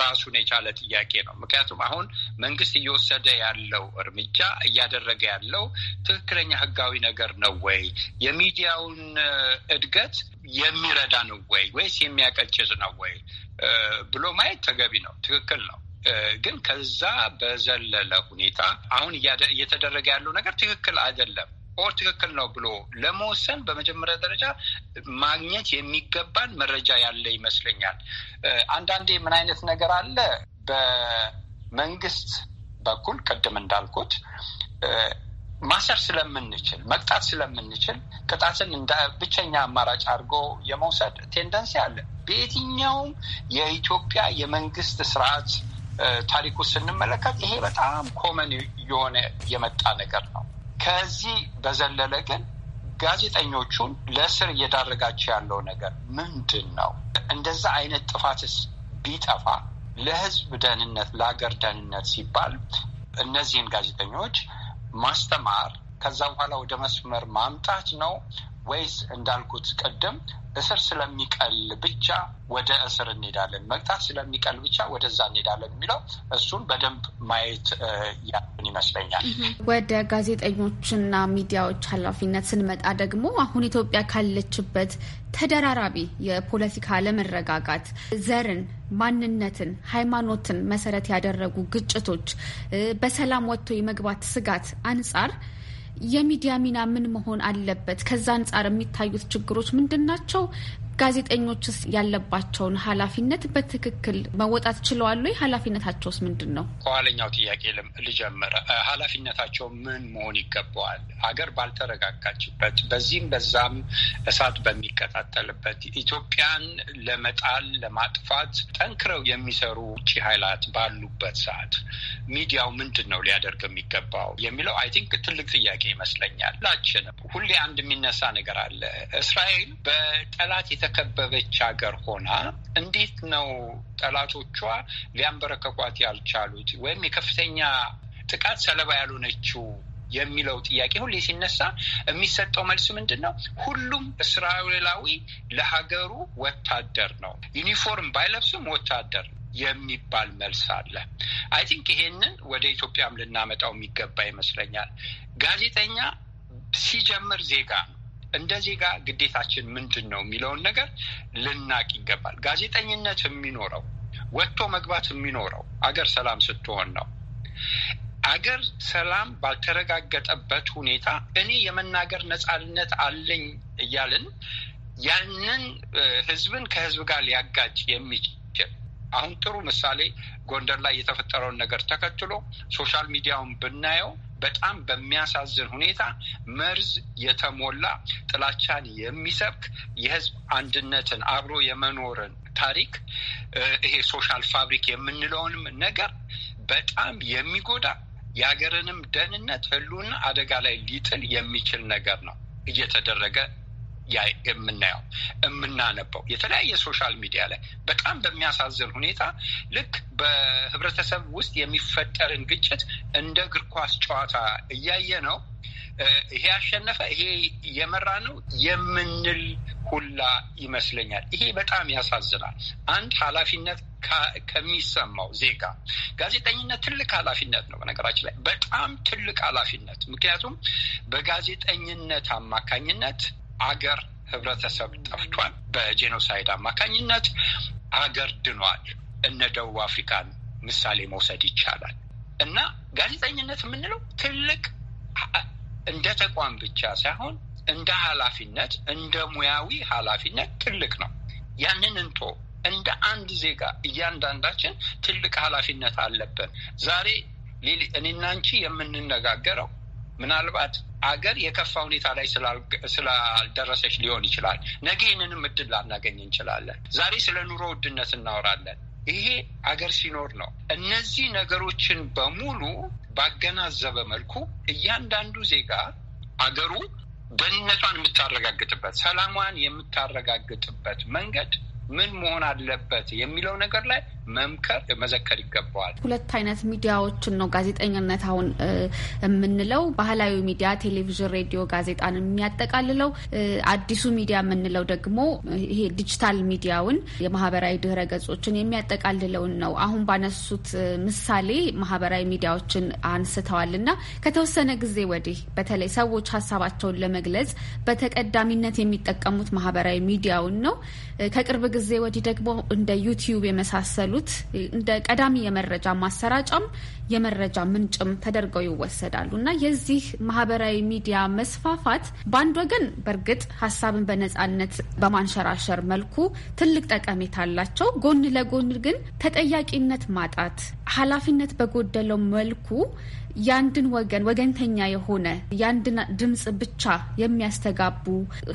ራሱን የቻለ ጥያቄ ነው። ምክንያቱም አሁን መንግስት እየወሰደ ያለው እርምጃ እያደረገ ያለው ትክክለኛ ህጋዊ ነገር ነው ወይ የሚዲያውን እድገት የሚረዳ ነው ወይ ወይስ የሚያቀጭዝ ነው ወይ ብሎ ማየት ተገቢ ነው፣ ትክክል ነው። ግን ከዛ በዘለለ ሁኔታ አሁን እየተደረገ ያለው ነገር ትክክል አይደለም ኦር ትክክል ነው ብሎ ለመወሰን በመጀመሪያ ደረጃ ማግኘት የሚገባን መረጃ ያለ ይመስለኛል። አንዳንዴ ምን አይነት ነገር አለ በመንግስት በኩል ቅድም እንዳልኩት ማሰር ስለምንችል መቅጣት ስለምንችል ቅጣትን እንደ ብቸኛ አማራጭ አድርጎ የመውሰድ ቴንደንሲ አለ። በየትኛውም የኢትዮጵያ የመንግስት ስርዓት ታሪኩ ስንመለከት ይሄ በጣም ኮመን የሆነ የመጣ ነገር ነው። ከዚህ በዘለለ ግን ጋዜጠኞቹን ለእስር እየዳረጋቸው ያለው ነገር ምንድን ነው? እንደዛ አይነት ጥፋትስ ቢጠፋ ለህዝብ ደህንነት፣ ለሀገር ደህንነት ሲባል እነዚህን ጋዜጠኞች ማስተማር ከዛ በኋላ ወደ መስመር ማምጣት ነው። ወይስ እንዳልኩት ቅድም እስር ስለሚቀል ብቻ ወደ እስር እንሄዳለን፣ መቅጣት ስለሚቀል ብቻ ወደዛ እንሄዳለን የሚለው እሱን በደንብ ማየት ያሉን ይመስለኛል። ወደ ጋዜጠኞችና ሚዲያዎች ኃላፊነት ስንመጣ ደግሞ አሁን ኢትዮጵያ ካለችበት ተደራራቢ የፖለቲካ አለመረጋጋት፣ ዘርን፣ ማንነትን፣ ሃይማኖትን መሰረት ያደረጉ ግጭቶች፣ በሰላም ወጥቶ የመግባት ስጋት አንጻር የሚዲያ ሚና ምን መሆን አለበት? ከዛ አንጻር የሚታዩት ችግሮች ምንድን ናቸው? ጋዜጠኞችስ ያለባቸውን ኃላፊነት በትክክል መወጣት ችለዋል ወይ? ኃላፊነታቸውስ ምንድን ነው? ከኋለኛው ጥያቄ ልጀምር። ኃላፊነታቸው ምን መሆን ይገባዋል? ሀገር ባልተረጋጋችበት፣ በዚህም በዛም እሳት በሚቀጣጠልበት ኢትዮጵያን ለመጣል ለማጥፋት ጠንክረው የሚሰሩ ውጭ ኃይላት ባሉበት ሰዓት ሚዲያው ምንድን ነው ሊያደርግ የሚገባው የሚለው አይ ቲንክ ትልቅ ጥያቄ ይመስለኛል። ላችንም ሁሌ አንድ የሚነሳ ነገር አለ። እስራኤል በጠላት የተ የተከበበች ሀገር ሆና እንዴት ነው ጠላቶቿ ሊያንበረከኳት ያልቻሉት ወይም የከፍተኛ ጥቃት ሰለባ ያልሆነችው የሚለው ጥያቄ ሁሌ ሲነሳ የሚሰጠው መልስ ምንድን ነው? ሁሉም እስራኤላዊ ለሀገሩ ወታደር ነው፣ ዩኒፎርም ባይለብስም ወታደር የሚባል መልስ አለ። አይ ቲንክ ይሄንን ወደ ኢትዮጵያም ልናመጣው የሚገባ ይመስለኛል። ጋዜጠኛ ሲጀምር ዜጋ ነው። እንደዚህ ጋር ግዴታችን ምንድን ነው የሚለውን ነገር ልናቅ ይገባል። ጋዜጠኝነት የሚኖረው ወጥቶ መግባት የሚኖረው አገር ሰላም ስትሆን ነው። አገር ሰላም ባልተረጋገጠበት ሁኔታ እኔ የመናገር ነጻነት አለኝ እያልን ያንን ህዝብን ከህዝብ ጋር ሊያጋጭ የሚችል አሁን ጥሩ ምሳሌ ጎንደር ላይ የተፈጠረውን ነገር ተከትሎ ሶሻል ሚዲያውን ብናየው በጣም በሚያሳዝን ሁኔታ መርዝ የተሞላ ጥላቻን የሚሰብክ የህዝብ አንድነትን አብሮ የመኖርን ታሪክ ይሄ ሶሻል ፋብሪክ የምንለውንም ነገር በጣም የሚጎዳ የሀገርንም ደህንነት ህልውና አደጋ ላይ ሊጥል የሚችል ነገር ነው እየተደረገ የምናየው የምናነበው የተለያየ ሶሻል ሚዲያ ላይ በጣም በሚያሳዝን ሁኔታ ልክ በህብረተሰብ ውስጥ የሚፈጠርን ግጭት እንደ እግር ኳስ ጨዋታ እያየ ነው ይሄ ያሸነፈ ይሄ የመራ ነው የምንል ሁላ ይመስለኛል። ይሄ በጣም ያሳዝናል። አንድ ኃላፊነት ከሚሰማው ዜጋ ጋዜጠኝነት ትልቅ ኃላፊነት ነው። በነገራችን ላይ በጣም ትልቅ ኃላፊነት ምክንያቱም በጋዜጠኝነት አማካኝነት አገር ህብረተሰብ ጠፍቷል። በጄኖሳይድ አማካኝነት አገር ድኗል። እነ ደቡብ አፍሪካን ምሳሌ መውሰድ ይቻላል። እና ጋዜጠኝነት የምንለው ትልቅ እንደ ተቋም ብቻ ሳይሆን እንደ ኃላፊነት እንደ ሙያዊ ኃላፊነት ትልቅ ነው። ያንን እንቶ እንደ አንድ ዜጋ እያንዳንዳችን ትልቅ ኃላፊነት አለብን። ዛሬ እኔና አንቺ የምንነጋገረው ምናልባት አገር የከፋ ሁኔታ ላይ ስላልደረሰች ሊሆን ይችላል። ነገ ይህንንም እድል ላናገኝ እንችላለን። ዛሬ ስለ ኑሮ ውድነት እናወራለን። ይሄ አገር ሲኖር ነው። እነዚህ ነገሮችን በሙሉ ባገናዘበ መልኩ እያንዳንዱ ዜጋ አገሩ ደህንነቷን የምታረጋግጥበት፣ ሰላሟን የምታረጋግጥበት መንገድ ምን መሆን አለበት የሚለው ነገር ላይ መምከር፣ መዘከር ይገባዋል። ሁለት አይነት ሚዲያዎችን ነው ጋዜጠኝነት አሁን የምንለው። ባህላዊ ሚዲያ ቴሌቪዥን፣ ሬዲዮ፣ ጋዜጣን የሚያጠቃልለው፣ አዲሱ ሚዲያ የምንለው ደግሞ ይሄ ዲጂታል ሚዲያውን የማህበራዊ ድህረ ገጾችን የሚያጠቃልለውን ነው። አሁን ባነሱት ምሳሌ ማህበራዊ ሚዲያዎችን አንስተዋል እና ከተወሰነ ጊዜ ወዲህ በተለይ ሰዎች ሀሳባቸውን ለመግለጽ በተቀዳሚነት የሚጠቀሙት ማህበራዊ ሚዲያውን ነው። ከቅርብ ጊዜ ወዲህ ደግሞ እንደ ዩቲዩብ የመሳሰሉ ያሉት እንደ ቀዳሚ የመረጃ ማሰራጫም የመረጃ ምንጭም ተደርገው ይወሰዳሉ እና የዚህ ማህበራዊ ሚዲያ መስፋፋት በአንድ ወገን በእርግጥ ሀሳብን በነፃነት በማንሸራሸር መልኩ ትልቅ ጠቀሜታ አላቸው። ጎን ለጎን ግን ተጠያቂነት ማጣት፣ ኃላፊነት በጎደለው መልኩ የአንድን ወገን ወገንተኛ የሆነ የአንድን ድምጽ ብቻ የሚያስተጋቡ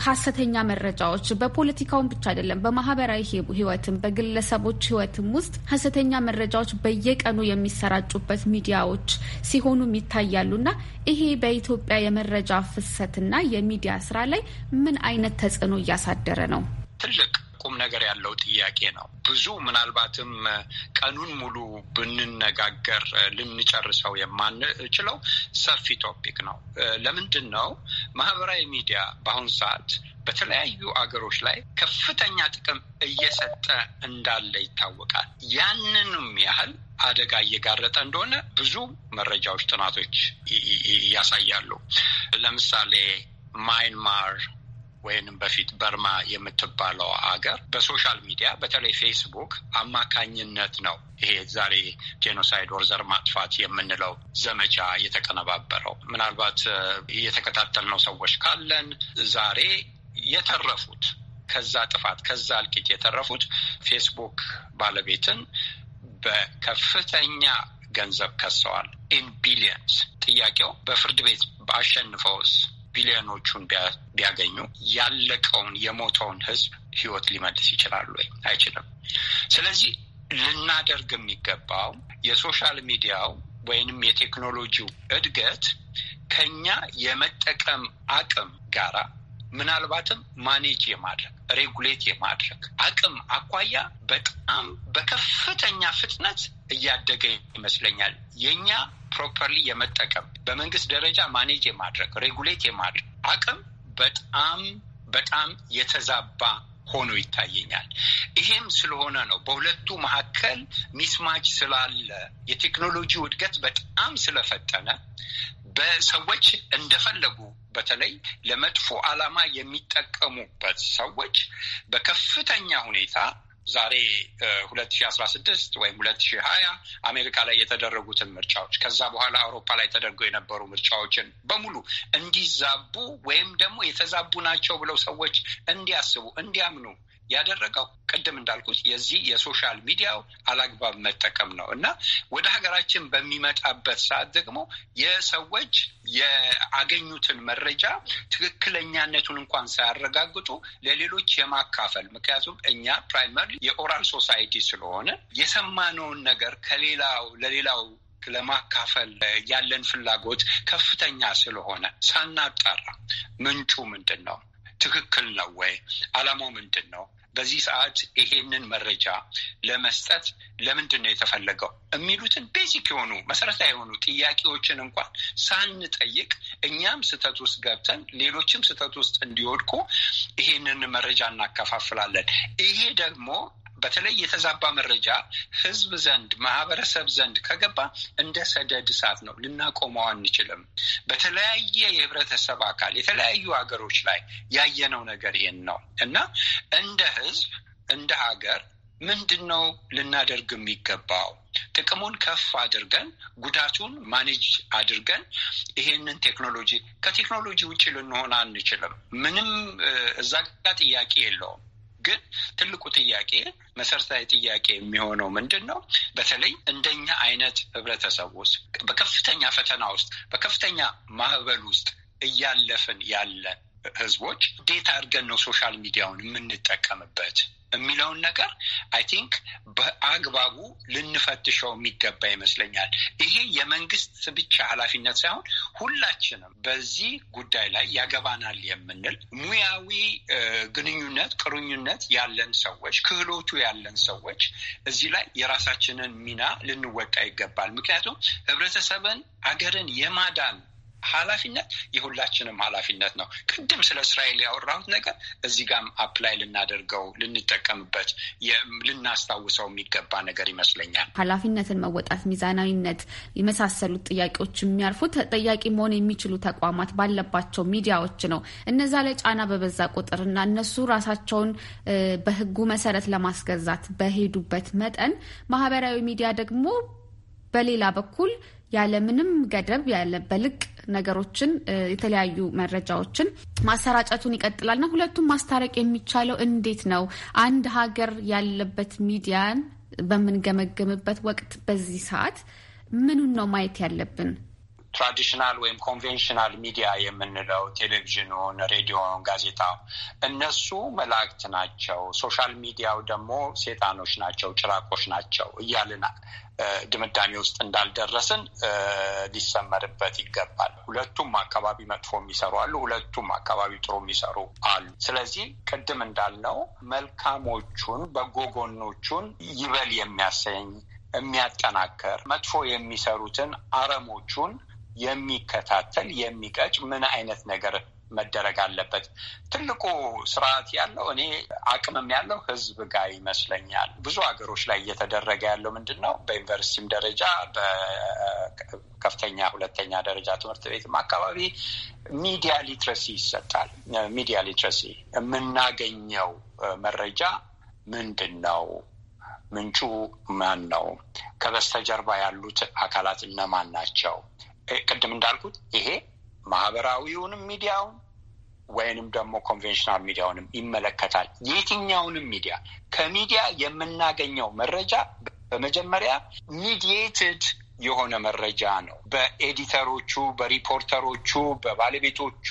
ሀሰተኛ መረጃዎች በፖለቲካውም ብቻ አይደለም፣ በማህበራዊ ህይወትም በግለሰቦች ህይወትም ውስጥ ሀሰተኛ መረጃዎች በየቀኑ የሚሰራጩበት ሚዲያዎች ሲሆኑም ይታያሉና ይሄ በኢትዮጵያ የመረጃ ፍሰትና የሚዲያ ስራ ላይ ምን አይነት ተጽዕኖ እያሳደረ ነው? ትልቅ ቁም ነገር ያለው ጥያቄ ነው። ብዙ ምናልባትም ቀኑን ሙሉ ብንነጋገር ልንጨርሰው የማንችለው ሰፊ ቶፒክ ነው። ለምንድን ነው ማህበራዊ ሚዲያ በአሁኑ ሰዓት በተለያዩ አገሮች ላይ ከፍተኛ ጥቅም እየሰጠ እንዳለ ይታወቃል። ያንንም ያህል አደጋ እየጋረጠ እንደሆነ ብዙ መረጃዎች፣ ጥናቶች ያሳያሉ። ለምሳሌ ማይንማር ወይንም በፊት በርማ የምትባለው አገር በሶሻል ሚዲያ በተለይ ፌስቡክ አማካኝነት ነው ይሄ ዛሬ ጄኖሳይድ ወር ዘር ማጥፋት የምንለው ዘመቻ የተቀነባበረው። ምናልባት እየተከታተልነው ሰዎች ካለን ዛሬ የተረፉት ከዛ ጥፋት ከዛ እልቂት የተረፉት ፌስቡክ ባለቤትን በከፍተኛ ገንዘብ ከሰዋል። ኢን ቢሊየንስ። ጥያቄው በፍርድ ቤት በአሸንፈውስ ቢሊዮኖቹን ቢያገኙ ያለቀውን የሞተውን ህዝብ ህይወት ሊመልስ ይችላሉ ወይ? አይችልም። ስለዚህ ልናደርግ የሚገባው የሶሻል ሚዲያው ወይንም የቴክኖሎጂው እድገት ከኛ የመጠቀም አቅም ጋራ ምናልባትም ማኔጅ የማድረግ ሬጉሌት የማድረግ አቅም አኳያ በጣም በከፍተኛ ፍጥነት እያደገ ይመስለኛል። የኛ ፕሮፐርሊ የመጠቀም በመንግስት ደረጃ ማኔጅ የማድረግ ሬጉሌት የማድረግ አቅም በጣም በጣም የተዛባ ሆኖ ይታየኛል። ይሄም ስለሆነ ነው በሁለቱ መካከል ሚስማች ስላለ የቴክኖሎጂ እድገት በጣም ስለፈጠነ በሰዎች እንደፈለጉ በተለይ ለመጥፎ ዓላማ የሚጠቀሙበት ሰዎች በከፍተኛ ሁኔታ ዛሬ 2016 ወይም 2020 አሜሪካ ላይ የተደረጉትን ምርጫዎች ከዛ በኋላ አውሮፓ ላይ ተደርገው የነበሩ ምርጫዎችን በሙሉ እንዲዛቡ ወይም ደግሞ የተዛቡ ናቸው ብለው ሰዎች እንዲያስቡ እንዲያምኑ ያደረገው ቅድም እንዳልኩት የዚህ የሶሻል ሚዲያው አላግባብ መጠቀም ነው እና ወደ ሀገራችን በሚመጣበት ሰዓት ደግሞ የሰዎች የአገኙትን መረጃ ትክክለኛነቱን እንኳን ሳያረጋግጡ ለሌሎች የማካፈል ምክንያቱም እኛ ፕራይመሪ የኦራል ሶሳይቲ ስለሆነ የሰማነውን ነገር ከሌላው ለሌላው ለማካፈል ያለን ፍላጎት ከፍተኛ ስለሆነ ሳናጣራ ምንጩ ምንድን ነው፣ ትክክል ነው ወይ፣ አላማው ምንድን ነው በዚህ ሰዓት ይሄንን መረጃ ለመስጠት ለምንድን ነው የተፈለገው የሚሉትን ቤዚክ የሆኑ መሰረታዊ የሆኑ ጥያቄዎችን እንኳን ሳንጠይቅ እኛም ስህተት ውስጥ ገብተን ሌሎችም ስህተት ውስጥ እንዲወድቁ ይሄንን መረጃ እናከፋፍላለን። ይሄ ደግሞ በተለይ የተዛባ መረጃ ህዝብ ዘንድ ማህበረሰብ ዘንድ ከገባ እንደ ሰደድ እሳት ነው፣ ልናቆመው አንችልም። በተለያየ የህብረተሰብ አካል የተለያዩ ሀገሮች ላይ ያየነው ነገር ይህን ነው እና እንደ ህዝብ እንደ ሀገር ምንድን ነው ልናደርግ የሚገባው? ጥቅሙን ከፍ አድርገን ጉዳቱን ማኔጅ አድርገን ይሄንን ቴክኖሎጂ ከቴክኖሎጂ ውጭ ልንሆን አንችልም። ምንም እዛ ጋ ጥያቄ የለውም። ግን ትልቁ ጥያቄ መሰረታዊ ጥያቄ የሚሆነው ምንድን ነው? በተለይ እንደኛ አይነት ህብረተሰብ ውስጥ በከፍተኛ ፈተና ውስጥ በከፍተኛ ማዕበል ውስጥ እያለፍን ያለ ህዝቦች እንዴት አድርገን ነው ሶሻል ሚዲያውን የምንጠቀምበት የሚለውን ነገር አይ ቲንክ በአግባቡ ልንፈትሸው የሚገባ ይመስለኛል። ይሄ የመንግስት ብቻ ኃላፊነት ሳይሆን ሁላችንም በዚህ ጉዳይ ላይ ያገባናል የምንል ሙያዊ ግንኙነት ቅሩኝነት ያለን ሰዎች፣ ክህሎቱ ያለን ሰዎች እዚህ ላይ የራሳችንን ሚና ልንወጣ ይገባል። ምክንያቱም ህብረተሰብን አገርን የማዳን ኃላፊነት የሁላችንም ኃላፊነት ነው። ቅድም ስለ እስራኤል ያወራሁት ነገር እዚህ ጋም አፕላይ ልናደርገው፣ ልንጠቀምበት፣ ልናስታውሰው የሚገባ ነገር ይመስለኛል። ኃላፊነትን መወጣት፣ ሚዛናዊነት የመሳሰሉት ጥያቄዎች የሚያርፉት ተጠያቂ መሆን የሚችሉ ተቋማት ባለባቸው ሚዲያዎች ነው። እነዛ ላይ ጫና በበዛ ቁጥር እና እነሱ ራሳቸውን በህጉ መሰረት ለማስገዛት በሄዱበት መጠን ማህበራዊ ሚዲያ ደግሞ በሌላ በኩል ያለምንም ገደብ ያለ በልቅ ነገሮችን የተለያዩ መረጃዎችን ማሰራጨቱን ይቀጥላል እና ሁለቱም ማስታረቅ የሚቻለው እንዴት ነው? አንድ ሀገር ያለበት ሚዲያን በምንገመገምበት ወቅት በዚህ ሰዓት ምኑን ነው ማየት ያለብን? ትራዲሽናል ወይም ኮንቬንሽናል ሚዲያ የምንለው ቴሌቪዥኑን፣ ሬዲዮን፣ ጋዜጣው እነሱ መላእክት ናቸው፣ ሶሻል ሚዲያው ደግሞ ሴጣኖች ናቸው፣ ጭራቆች ናቸው እያልን ድምዳሜ ውስጥ እንዳልደረስን ሊሰመርበት ይገባል። ሁለቱም አካባቢ መጥፎ የሚሰሩ አሉ፣ ሁለቱም አካባቢ ጥሩ የሚሰሩ አሉ። ስለዚህ ቅድም እንዳልነው መልካሞቹን በጎ ጎኖቹን ይበል የሚያሰኝ የሚያጠናከር መጥፎ የሚሰሩትን አረሞቹን የሚከታተል የሚቀጭ ምን አይነት ነገር መደረግ አለበት። ትልቁ ስርዓት ያለው እኔ አቅምም ያለው ህዝብ ጋር ይመስለኛል። ብዙ ሀገሮች ላይ እየተደረገ ያለው ምንድን ነው? በዩኒቨርሲቲም ደረጃ በከፍተኛ ሁለተኛ ደረጃ ትምህርት ቤትም አካባቢ ሚዲያ ሊትረሲ ይሰጣል። ሚዲያ ሊትረሲ የምናገኘው መረጃ ምንድን ነው? ምንጩ ማን ነው? ከበስተጀርባ ያሉት አካላት እነማን ናቸው? ቅድም እንዳልኩት ይሄ ማህበራዊውንም ሚዲያውን ወይንም ደግሞ ኮንቬንሽናል ሚዲያውንም ይመለከታል። የትኛውንም ሚዲያ ከሚዲያ የምናገኘው መረጃ በመጀመሪያ ሚዲየትድ የሆነ መረጃ ነው። በኤዲተሮቹ፣ በሪፖርተሮቹ፣ በባለቤቶቹ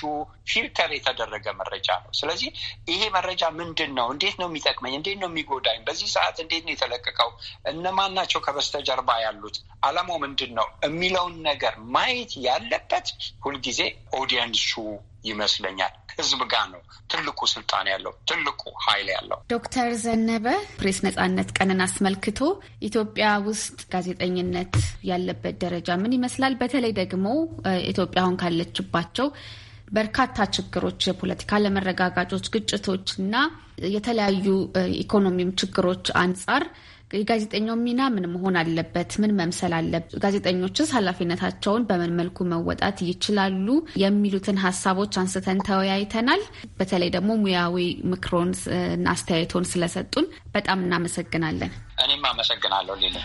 ፊልተር የተደረገ መረጃ ነው። ስለዚህ ይሄ መረጃ ምንድን ነው? እንዴት ነው የሚጠቅመኝ? እንዴት ነው የሚጎዳኝ? በዚህ ሰዓት እንዴት ነው የተለቀቀው? እነማን ናቸው ከበስተጀርባ ያሉት? አላማው ምንድን ነው የሚለውን ነገር ማየት ያለበት ሁልጊዜ ኦዲየንሱ ይመስለኛል። ህዝብ ጋር ነው ትልቁ ስልጣን ያለው ትልቁ ኃይል ያለው። ዶክተር ዘነበ ፕሬስ ነጻነት ቀንን አስመልክቶ ኢትዮጵያ ውስጥ ጋዜጠኝነት ያለበት ደረጃ ምን ይመስላል? በተለይ ደግሞ ኢትዮጵያ አሁን ካለችባቸው በርካታ ችግሮች፣ የፖለቲካ አለመረጋጋቶች፣ ግጭቶች እና የተለያዩ ኢኮኖሚም ችግሮች አንጻር የጋዜጠኛው ሚና ምን መሆን አለበት? ምን መምሰል አለበት? ጋዜጠኞችስ ኃላፊነታቸውን በምን መልኩ መወጣት ይችላሉ? የሚሉትን ሀሳቦች አንስተን ተወያይተናል። በተለይ ደግሞ ሙያዊ ምክሮን እና አስተያየቶን ስለሰጡን በጣም እናመሰግናለን። እኔም አመሰግናለሁ ሌላ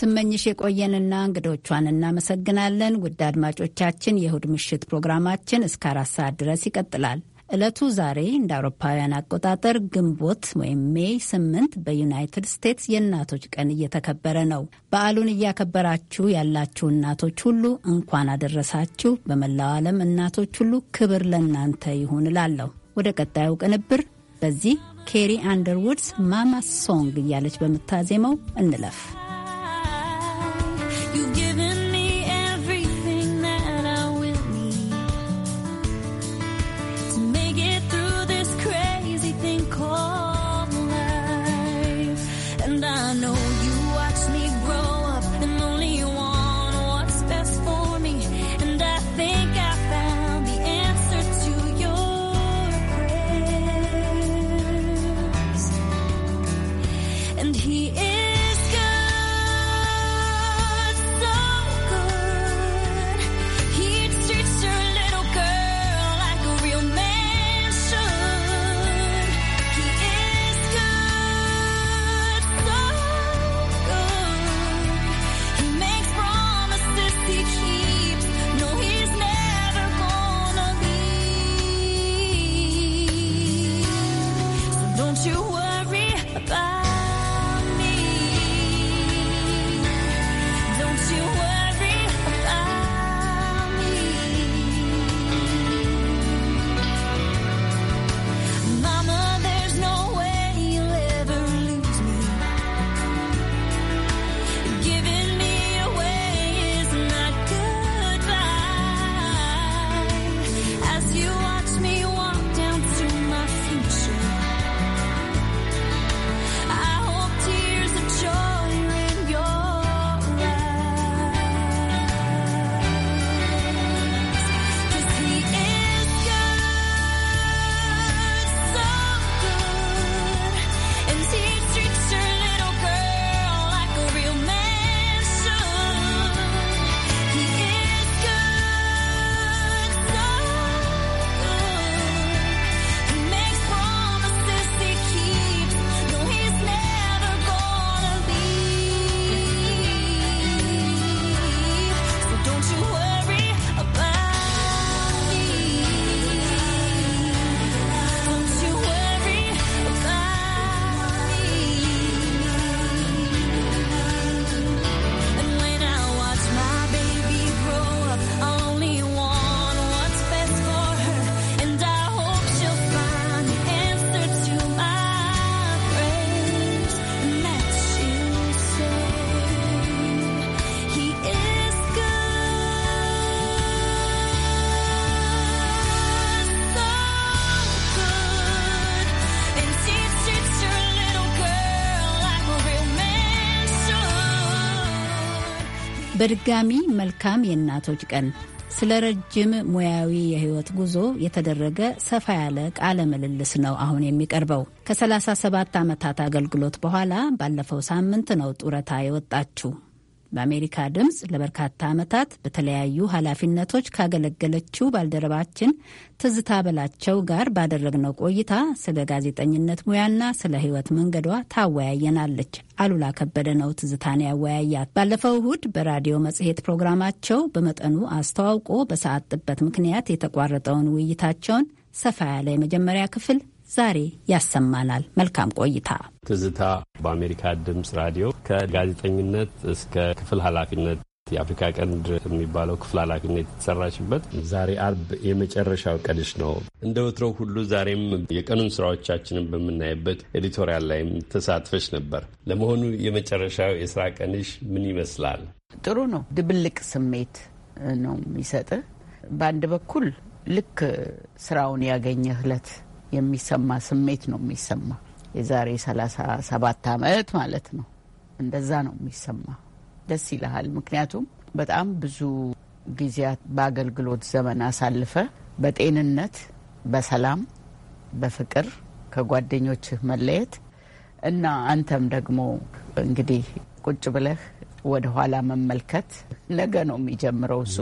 ስመኝሽ የቆየንና እንግዶቿን እናመሰግናለን። ውድ አድማጮቻችን የእሁድ ምሽት ፕሮግራማችን እስከ አራት ሰዓት ድረስ ይቀጥላል። ዕለቱ ዛሬ እንደ አውሮፓውያን አቆጣጠር ግንቦት ወይም ሜይ ስምንት በዩናይትድ ስቴትስ የእናቶች ቀን እየተከበረ ነው። በዓሉን እያከበራችሁ ያላችሁ እናቶች ሁሉ እንኳን አደረሳችሁ። በመላው ዓለም እናቶች ሁሉ ክብር ለእናንተ ይሁን እላለሁ። ወደ ቀጣዩ ቅንብር በዚህ ኬሪ አንደርውድስ ማማ ሶንግ እያለች በምታዜመው እንለፍ። በድጋሚ መልካም የእናቶች ቀን። ስለ ረጅም ሙያዊ የህይወት ጉዞ የተደረገ ሰፋ ያለ ቃለ ምልልስ ነው አሁን የሚቀርበው። ከ37 ዓመታት አገልግሎት በኋላ ባለፈው ሳምንት ነው ጡረታ የወጣችው በአሜሪካ ድምፅ ለበርካታ ዓመታት በተለያዩ ኃላፊነቶች ካገለገለችው ባልደረባችን ትዝታ በላቸው ጋር ባደረግነው ቆይታ ስለ ጋዜጠኝነት ሙያና ስለ ሕይወት መንገዷ ታወያየናለች። አሉላ ከበደ ነው ትዝታን ያወያያት። ባለፈው እሁድ በራዲዮ መጽሔት ፕሮግራማቸው በመጠኑ አስተዋውቆ በሰዓት ጥበት ምክንያት የተቋረጠውን ውይይታቸውን ሰፋ ያለ የመጀመሪያ ክፍል ዛሬ ያሰማናል። መልካም ቆይታ። ትዝታ በአሜሪካ ድምፅ ራዲዮ ከጋዜጠኝነት እስከ ክፍል ኃላፊነት የአፍሪካ ቀንድ የሚባለው ክፍል ኃላፊነት የተሰራችበት ዛሬ አርብ የመጨረሻው ቀንሽ ነው። እንደ ወትሮው ሁሉ ዛሬም የቀኑን ስራዎቻችንን በምናይበት ኤዲቶሪያል ላይም ተሳትፈች ነበር። ለመሆኑ የመጨረሻው የስራ ቀንሽ ምን ይመስላል? ጥሩ ነው። ድብልቅ ስሜት ነው የሚሰጥ። በአንድ በኩል ልክ ስራውን ያገኘህለት የሚሰማ ስሜት ነው የሚሰማ የዛሬ ሰላሳ ሰባት አመት ማለት ነው። እንደዛ ነው የሚሰማ። ደስ ይልሃል። ምክንያቱም በጣም ብዙ ጊዜያት በአገልግሎት ዘመን አሳልፈ በጤንነት፣ በሰላም፣ በፍቅር ከጓደኞችህ መለየት እና አንተም ደግሞ እንግዲህ ቁጭ ብለህ ወደ ኋላ መመልከት ነገ ነው የሚጀምረው። እሱ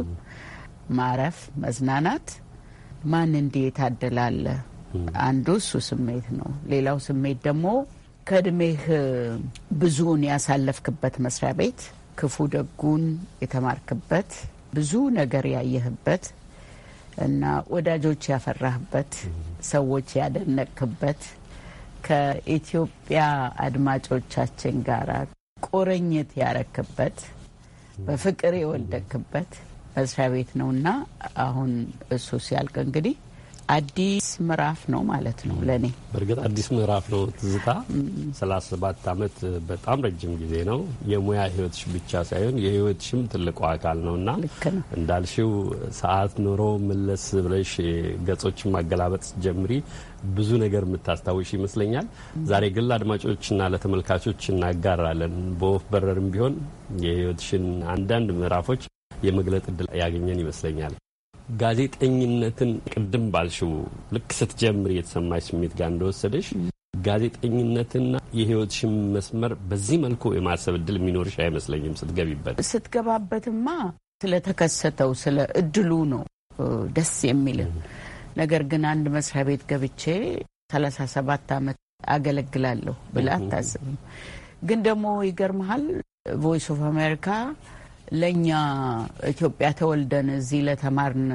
ማረፍ፣ መዝናናት ማን እንዲህ የታደላለ አንዱ እሱ ስሜት ነው። ሌላው ስሜት ደግሞ ከእድሜህ ብዙውን ያሳለፍክበት መስሪያ ቤት፣ ክፉ ደጉን የተማርክበት፣ ብዙ ነገር ያየህበት እና ወዳጆች ያፈራህበት፣ ሰዎች ያደነቅህበት ከኢትዮጵያ አድማጮቻችን ጋር ቁርኝት ያረክበት በፍቅር የወደክበት መስሪያ ቤት ነውና አሁን እሱ ሲያልቅ እንግዲህ አዲስ ምዕራፍ ነው ማለት ነው ለእኔ። በእርግጥ አዲስ ምዕራፍ ነው ትዝታ። ሰላሳ ሰባት አመት በጣም ረጅም ጊዜ ነው። የሙያ ህይወትሽ ብቻ ሳይሆን የህይወትሽም ትልቁ አካል ነው እና እንዳልሽው ሰዓት ኖሮ መለስ ብለሽ ገጾችን ማገላበጥ ጀምሪ ብዙ ነገር የምታስታውሽ ይመስለኛል። ዛሬ ግን ለአድማጮችና ለተመልካቾች እናጋራለን። በወፍ በረርም ቢሆን የህይወትሽን አንዳንድ ምዕራፎች የመግለጥ እድል ያገኘን ይመስለኛል። ጋዜጠኝነትን ቅድም ባልሽው ልክ ስትጀምር የተሰማሽ ስሜት ጋር እንደወሰደሽ ጋዜጠኝነትና የህይወትሽን መስመር በዚህ መልኩ የማሰብ እድል የሚኖርሽ አይመስለኝም። ስትገቢበት ስትገባበትማ ስለተከሰተው ስለ እድሉ ነው ደስ የሚልን ነገር ግን አንድ መስሪያ ቤት ገብቼ ሰላሳ ሰባት ዓመት አገለግላለሁ ብላ አታስብም። ግን ደግሞ ይገርመሃል ቮይስ ኦፍ አሜሪካ ለእኛ ኢትዮጵያ ተወልደን እዚህ ለተማርን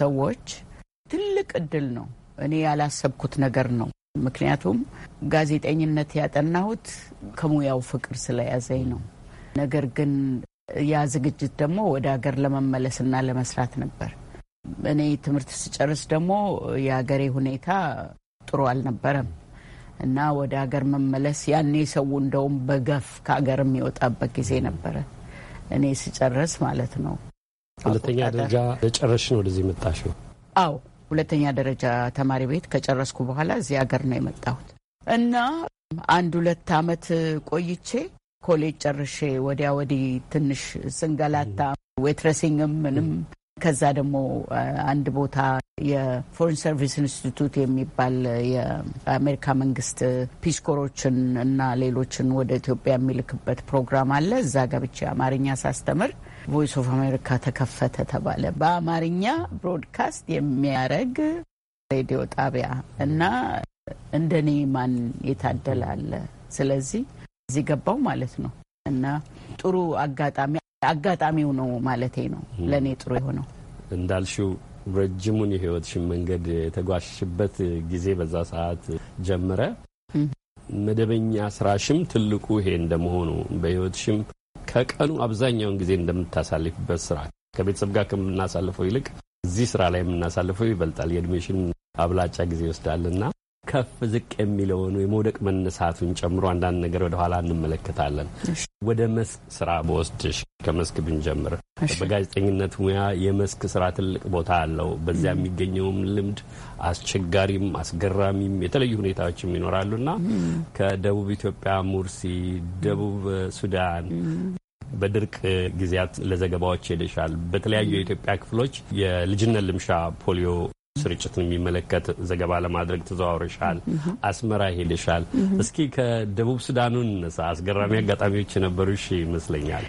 ሰዎች ትልቅ እድል ነው። እኔ ያላሰብኩት ነገር ነው። ምክንያቱም ጋዜጠኝነት ያጠናሁት ከሙያው ፍቅር ስለያዘኝ ነው። ነገር ግን ያ ዝግጅት ደግሞ ወደ ሀገር ለመመለስና ለመስራት ነበር። እኔ ትምህርት ስጨርስ ደግሞ የሀገሬ ሁኔታ ጥሩ አልነበረም እና ወደ ሀገር መመለስ ያኔ ሰው እንደውም በገፍ ከሀገር የሚወጣበት ጊዜ ነበረ። እኔ ስጨርስ ማለት ነው። ሁለተኛ ደረጃ ለጨረሽ ነው ወደዚህ የመጣሽው? አዎ ሁለተኛ ደረጃ ተማሪ ቤት ከጨረስኩ በኋላ እዚህ ሀገር ነው የመጣሁት እና አንድ ሁለት አመት ቆይቼ ኮሌጅ ጨርሼ ወዲያ ወዲህ ትንሽ ስንገላታ ዌትረሲንግም ምንም ከዛ ደግሞ አንድ ቦታ የፎሬን ሰርቪስ ኢንስቲቱት የሚባል የአሜሪካ መንግስት ፒስኮሮችን እና ሌሎችን ወደ ኢትዮጵያ የሚልክበት ፕሮግራም አለ። እዛ ገብቼ አማርኛ ሳስተምር ቮይስ ኦፍ አሜሪካ ተከፈተ ተባለ። በአማርኛ ብሮድካስት የሚያደርግ ሬዲዮ ጣቢያ እና እንደኔ ማን የታደላለ? ስለዚህ እዚህ ገባው ማለት ነው እና ጥሩ አጋጣሚ አጋጣሚው ነው ማለቴ ነው ለእኔ ጥሩ የሆነው እንዳልሽው ረጅሙን የህይወትሽን መንገድ የተጓሽበት ጊዜ በዛ ሰዓት ጀምረ መደበኛ ስራሽም ትልቁ ይሄ እንደመሆኑ በህይወትሽም ከቀኑ አብዛኛውን ጊዜ እንደምታሳልፍበት ስራ ከቤተሰብ ጋር ከምናሳልፈው ይልቅ እዚህ ስራ ላይ የምናሳልፈው ይበልጣል። የእድሜሽን አብላጫ ጊዜ ይወስዳልና ከፍ ዝቅ የሚለውን የመውደቅ መነሳቱን ጨምሮ አንዳንድ ነገር ወደኋላ እንመለከታለን። ወደ መስክ ስራ በወስድሽ ከመስክ ብንጀምር በጋዜጠኝነት ሙያ የመስክ ስራ ትልቅ ቦታ አለው። በዚያ የሚገኘውም ልምድ አስቸጋሪም አስገራሚም የተለዩ ሁኔታዎችም ይኖራሉና ከደቡብ ኢትዮጵያ ሙርሲ፣ ደቡብ ሱዳን በድርቅ ጊዜያት ለዘገባዎች ሄደሻል። በተለያዩ የኢትዮጵያ ክፍሎች የልጅነት ልምሻ ፖሊዮ ስርጭትን የሚመለከት ዘገባ ለማድረግ ተዘዋውረሻል፣ አስመራ ሄደሻል። እስኪ ከደቡብ ሱዳኑ እነሳ። አስገራሚ አጋጣሚዎች የነበሩሽ ይመስለኛል።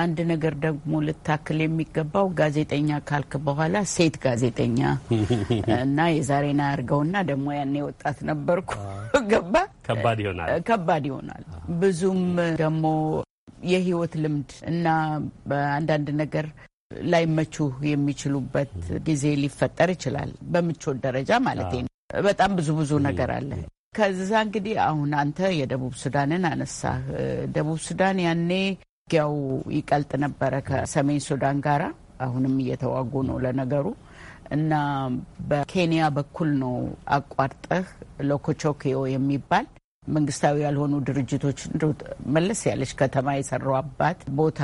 አንድ ነገር ደግሞ ልታክል የሚገባው ጋዜጠኛ ካልክ በኋላ ሴት ጋዜጠኛ እና የዛሬና ያርገውና ደግሞ ያኔ ወጣት ነበርኩ። ገባ ከባድ ይሆናል፣ ከባድ ይሆናል። ብዙም ደግሞ የህይወት ልምድ እና በአንዳንድ ነገር ላይመቹ የሚችሉበት ጊዜ ሊፈጠር ይችላል። በምቾት ደረጃ ማለት ነው። በጣም ብዙ ብዙ ነገር አለ። ከዛ እንግዲህ አሁን አንተ የደቡብ ሱዳንን አነሳ ደቡብ ሱዳን ያኔ ውጊያው ይቀልጥ ነበረ ከሰሜን ሱዳን ጋራ አሁንም እየተዋጉ ነው ለነገሩ እና በኬንያ በኩል ነው አቋርጠህ ሎኮቾኪዮ የሚባል መንግስታዊ ያልሆኑ ድርጅቶች መለስ ያለች ከተማ የሰራው አባት ቦታ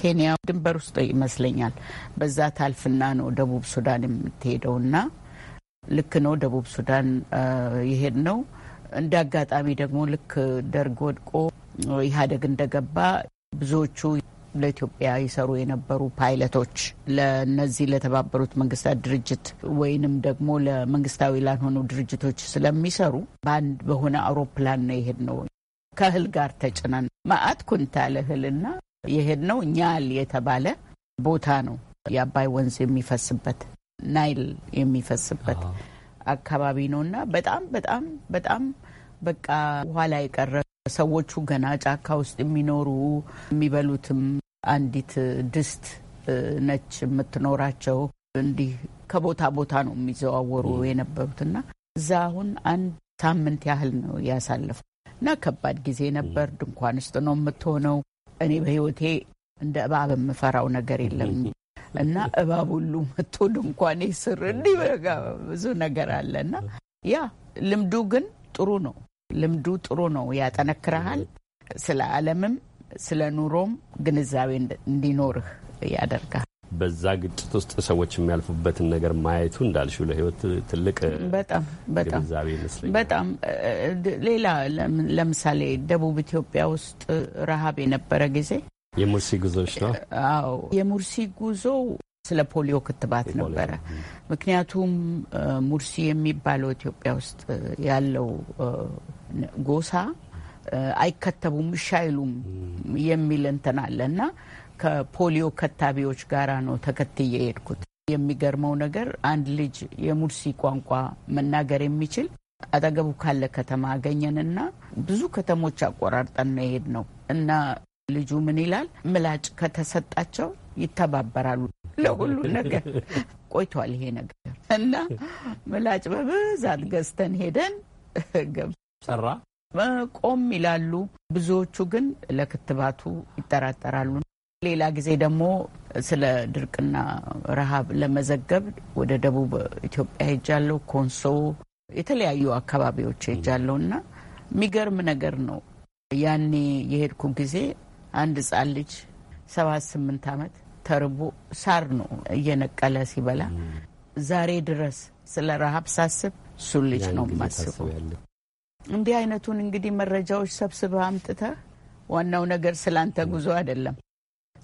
ኬንያ ድንበር ውስጥ ይመስለኛል። በዛ ታልፍና ነው ደቡብ ሱዳን ና ልክ ነው ደቡብ ሱዳን የሄድ ነው። እንደ አጋጣሚ ደግሞ ልክ ደርግ ወድቆ ኢህአዴግ እንደገባ ብዙዎቹ ለኢትዮጵያ ይሰሩ የነበሩ ፓይለቶች ለነዚህ ለተባበሩት መንግስታት ድርጅት ወይንም ደግሞ ለመንግስታዊ ላልሆኑ ድርጅቶች ስለሚሰሩ በአንድ በሆነ አውሮፕላን ነው ነው ከእህል ጋር ተጭነን ማአት ኩንታል እህልና ነው ኛል የተባለ ቦታ ነው። የአባይ ወንዝ የሚፈስበት ናይል የሚፈስበት አካባቢ ነው እና በጣም በጣም በጣም በቃ ኋላ የቀረ ሰዎቹ ገና ጫካ ውስጥ የሚኖሩ የሚበሉትም አንዲት ድስት ነች የምትኖራቸው። እንዲህ ከቦታ ቦታ ነው የሚዘዋወሩ እና እዛ አሁን አንድ ሳምንት ያህል ነው ያሳለፉ እና ከባድ ጊዜ ነበር። ድንኳን ውስጥ ነው የምትሆነው። እኔ በህይወቴ እንደ እባብ የምፈራው ነገር የለም እና እባብ ሁሉ መጥቶ ድንኳኔ ስር እንዲህ ብዙ ነገር አለ እና ያ ልምዱ ግን ጥሩ ነው። ልምዱ ጥሩ ነው፣ ያጠነክረሃል። ስለ ዓለምም ስለ ኑሮም ግንዛቤ እንዲኖርህ ያደርጋል። በዛ ግጭት ውስጥ ሰዎች የሚያልፉበትን ነገር ማየቱ እንዳልሽ ለህይወት ትልቅ በጣም በጣም በጣም ሌላ ለምሳሌ ደቡብ ኢትዮጵያ ውስጥ ረሃብ የነበረ ጊዜ የሙርሲ ጉዞች ነው። አዎ የሙርሲ ጉዞ ስለ ፖሊዮ ክትባት ነበረ። ምክንያቱም ሙርሲ የሚባለው ኢትዮጵያ ውስጥ ያለው ጎሳ አይከተቡም፣ እሺ አይሉም የሚል እንትን አለ እና ከፖሊዮ ከታቢዎች ጋራ ነው ተከትዬ የሄድኩት። የሚገርመው ነገር አንድ ልጅ የሙርሲ ቋንቋ መናገር የሚችል አጠገቡ ካለ ከተማ አገኘንና ብዙ ከተሞች አቆራርጠን ነው የሄድ ነው እና ልጁ ምን ይላል፣ ምላጭ ከተሰጣቸው ይተባበራሉ ለሁሉ ነገር። ቆይቷል ይሄ ነገር እና ምላጭ በብዛት ገዝተን ሄደን ሰራ ቆም ይላሉ። ብዙዎቹ ግን ለክትባቱ ይጠራጠራሉ። ሌላ ጊዜ ደግሞ ስለ ድርቅና ረሃብ ለመዘገብ ወደ ደቡብ ኢትዮጵያ ሄጃለሁ፣ ኮንሶ፣ የተለያዩ አካባቢዎች ሄጃለሁ እና የሚገርም ነገር ነው። ያኔ የሄድኩ ጊዜ አንድ ሕፃን ልጅ ሰባት ስምንት ዓመት ተርቦ ሳር ነው እየነቀለ ሲበላ ዛሬ ድረስ ስለ ረሃብ ሳስብ እሱን ልጅ ነው የማስበው። እንዲህ አይነቱን እንግዲህ መረጃዎች ሰብስበህ አምጥተህ ዋናው ነገር ስላንተ ጉዞ አይደለም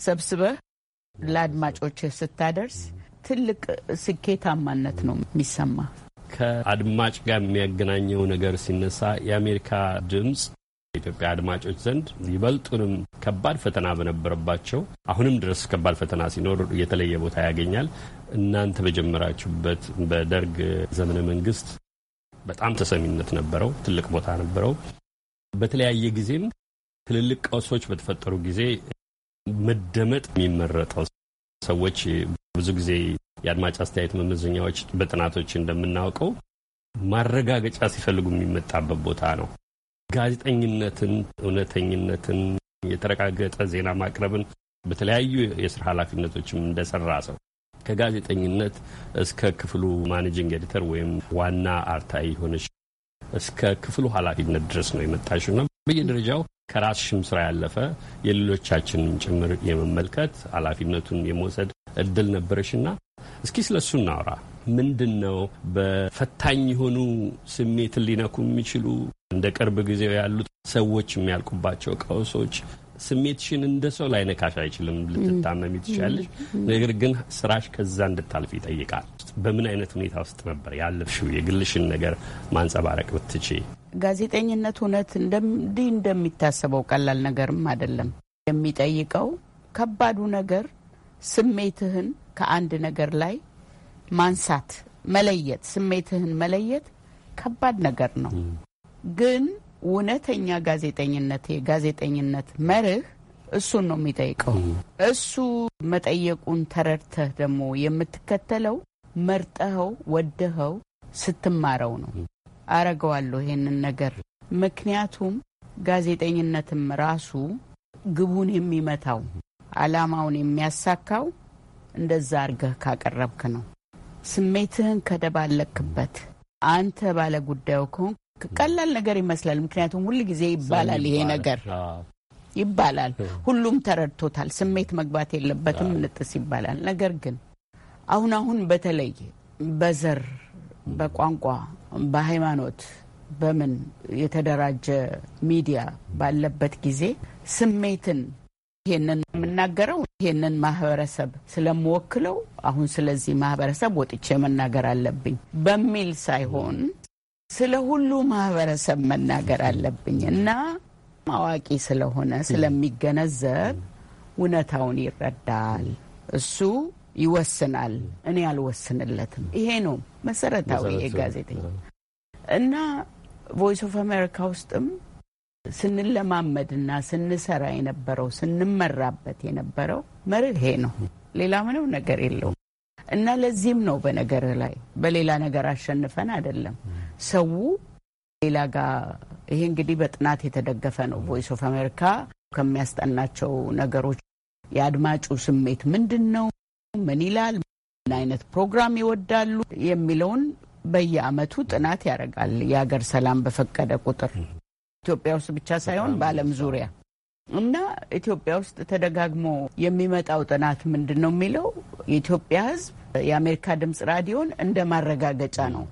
ሰብስበህ ለአድማጮች ስታደርስ ትልቅ ስኬታማነት ነው የሚሰማ። ከአድማጭ ጋር የሚያገናኘው ነገር ሲነሳ የአሜሪካ ድምፅ የኢትዮጵያ አድማጮች ዘንድ ይበልጡንም ከባድ ፈተና በነበረባቸው አሁንም ድረስ ከባድ ፈተና ሲኖር የተለየ ቦታ ያገኛል። እናንተ በጀመራችሁበት በደርግ ዘመነ መንግስት በጣም ተሰሚነት ነበረው፣ ትልቅ ቦታ ነበረው። በተለያየ ጊዜም ትልልቅ ቀውሶች በተፈጠሩ ጊዜ መደመጥ የሚመረጠው ሰዎች ብዙ ጊዜ የአድማጭ አስተያየት መመዘኛዎች በጥናቶች እንደምናውቀው ማረጋገጫ ሲፈልጉ የሚመጣበት ቦታ ነው። ጋዜጠኝነትን፣ እውነተኝነትን፣ የተረጋገጠ ዜና ማቅረብን በተለያዩ የስራ ኃላፊነቶችም እንደሰራ ሰው ከጋዜጠኝነት እስከ ክፍሉ ማኔጂንግ ኤዲተር ወይም ዋና አርታኢ የሆነች እስከ ክፍሉ ኃላፊነት ድረስ ነው የመጣሽው እና በየደረጃው ከራስሽም ስራ ያለፈ የሌሎቻችንም ጭምር የመመልከት ኃላፊነቱን የመውሰድ እድል ነበረሽና እስኪ ስለ እሱ እናውራ። ምንድን ነው በፈታኝ የሆኑ ስሜትን ሊነኩ የሚችሉ እንደ ቅርብ ጊዜው ያሉት ሰዎች የሚያልቁባቸው ቀውሶች ስሜትሽን እንደ ሰው ላይነካሽ አይችልም። ልትታመሚ ትችያለሽ። ነገር ግን ስራሽ ከዛ እንድታልፍ ይጠይቃል። በምን አይነት ሁኔታ ውስጥ ነበር ያለፍሽው? የግልሽን ነገር ማንጸባረቅ ብትቼ። ጋዜጠኝነት እውነት እንዲህ እንደሚታሰበው ቀላል ነገርም አይደለም። የሚጠይቀው ከባዱ ነገር ስሜትህን ከአንድ ነገር ላይ ማንሳት፣ መለየት፣ ስሜትህን መለየት ከባድ ነገር ነው። ግን እውነተኛ ጋዜጠኝነት የጋዜጠኝነት መርህ እሱን ነው የሚጠይቀው። እሱ መጠየቁን ተረድተህ ደግሞ የምትከተለው መርጠኸው ወደኸው ስትማረው ነው። አረገዋለሁ ይሄንን ነገር ምክንያቱም ጋዜጠኝነትም ራሱ ግቡን የሚመታው አላማውን የሚያሳካው እንደዛ አርገህ ካቀረብክ ነው። ስሜትህን ከደባለክበት አንተ ባለ ጉዳዩ ከሆንክ ቀላል ነገር ይመስላል። ምክንያቱም ሁል ጊዜ ይባላል ይሄ ነገር ይባላል፣ ሁሉም ተረድቶታል። ስሜት መግባት የለበትም ንጥስ ይባላል። ነገር ግን አሁን አሁን በተለይ በዘር በቋንቋ በሃይማኖት በምን የተደራጀ ሚዲያ ባለበት ጊዜ ስሜትን ይሄንን የምናገረው ይሄንን ማህበረሰብ ስለምወክለው አሁን ስለዚህ ማህበረሰብ ወጥቼ መናገር አለብኝ በሚል ሳይሆን ስለ ሁሉ ማህበረሰብ መናገር አለብኝ እና አዋቂ ስለሆነ ስለሚገነዘብ እውነታውን ይረዳል። እሱ ይወስናል፣ እኔ አልወስንለትም። ይሄ ነው መሰረታዊ የጋዜጠኛ እና ቮይስ ኦፍ አሜሪካ ውስጥም ስንለማመድና ስንሰራ የነበረው ስንመራበት የነበረው መርሄ ነው። ሌላ ምንም ነገር የለውም እና ለዚህም ነው በነገር ላይ በሌላ ነገር አሸንፈን አይደለም ሰው ሌላ ጋር ይሄ እንግዲህ በጥናት የተደገፈ ነው። ቮይስ ኦፍ አሜሪካ ከሚያስጠናቸው ነገሮች የአድማጩ ስሜት ምንድን ነው? ምን ይላል? አይነት ፕሮግራም ይወዳሉ የሚለውን በየአመቱ ጥናት ያደርጋል። የሀገር ሰላም በፈቀደ ቁጥር ኢትዮጵያ ውስጥ ብቻ ሳይሆን በዓለም ዙሪያ እና ኢትዮጵያ ውስጥ ተደጋግሞ የሚመጣው ጥናት ምንድን ነው የሚለው የኢትዮጵያ ሕዝብ የአሜሪካ ድምፅ ራዲዮን እንደ ማረጋገጫ ነው።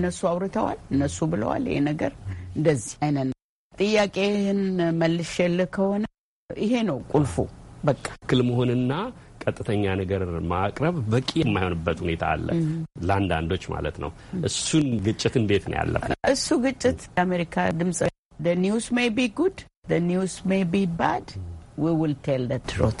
እነሱ አውርተዋል፣ እነሱ ብለዋል፣ ይሄ ነገር እንደዚህ አይነት ጥያቄህን መልሼልህ ከሆነ ይሄ ነው ቁልፉ በቃ ክል መሆንና ቀጥተኛ ነገር ማቅረብ በቂ የማይሆንበት ሁኔታ አለ፣ ለአንዳንዶች ማለት ነው። እሱን ግጭት እንዴት ነው ያለ እሱ ግጭት የአሜሪካ ድምጽ ኒውስ ሜይ ቢ ጉድ ኒውስ ሜይ ቢ ባድ ውል ቴል ትሮት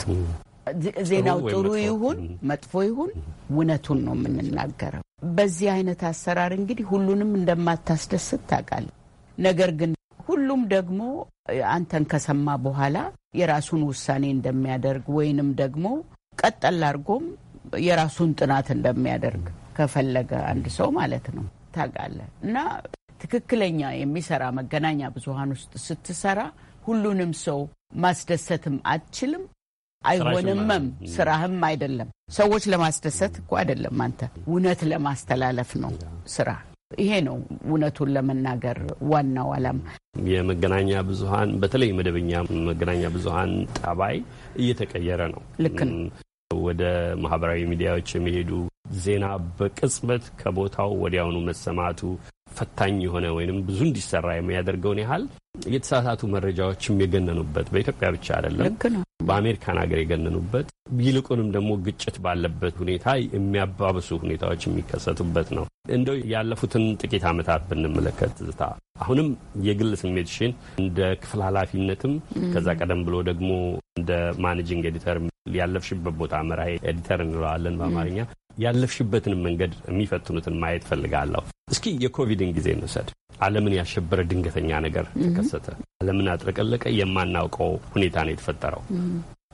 ዜናው ጥሩ ይሁን መጥፎ ይሁን እውነቱን ነው የምንናገረው። በዚህ አይነት አሰራር እንግዲህ ሁሉንም እንደማታስደስት ታውቃለህ። ነገር ግን ሁሉም ደግሞ አንተን ከሰማ በኋላ የራሱን ውሳኔ እንደሚያደርግ ወይንም ደግሞ ቀጠል አድርጎም የራሱን ጥናት እንደሚያደርግ ከፈለገ አንድ ሰው ማለት ነው ታውቃለህ። እና ትክክለኛ የሚሰራ መገናኛ ብዙሃን ውስጥ ስትሰራ ሁሉንም ሰው ማስደሰትም አትችልም፣ አይሆንምም፣ ስራህም አይደለም። ሰዎች ለማስደሰት እኮ አይደለም፣ አንተ እውነት ለማስተላለፍ ነው ስራ። ይሄ ነው እውነቱን ለመናገር ዋናው ዓላማ። የመገናኛ ብዙሀን በተለይ መደበኛ መገናኛ ብዙሀን ጠባይ እየተቀየረ ነው። ልክ ነው። ወደ ማህበራዊ ሚዲያዎች የሚሄዱ ዜና በቅጽበት ከቦታው ወዲያውኑ መሰማቱ ፈታኝ የሆነ ወይም ብዙ እንዲሰራ የሚያደርገውን ያህል የተሳሳቱ መረጃዎችም የገነኑበት በኢትዮጵያ ብቻ አይደለም፣ በአሜሪካን ሀገር የገነኑበት ይልቁንም ደግሞ ግጭት ባለበት ሁኔታ የሚያባብሱ ሁኔታዎች የሚከሰቱበት ነው። እንደው ያለፉትን ጥቂት ዓመታት ብንመለከት ዝታ አሁንም የግል ስሜትሽን እንደ ክፍል ኃላፊነትም ከዛ ቀደም ብሎ ደግሞ እንደ ማኔጂንግ ኤዲተር ያለፍሽበት ቦታ መራሄ ኤዲተር እንለዋለን በአማርኛ ያለፍሽበትን መንገድ የሚፈትኑትን ማየት ፈልጋለሁ። እስኪ የኮቪድን ጊዜ እንውሰድ። ዓለምን ያሸበረ ድንገተኛ ነገር ተከሰተ። ዓለምን አጥለቀለቀ። የማናውቀው ሁኔታ ነው የተፈጠረው።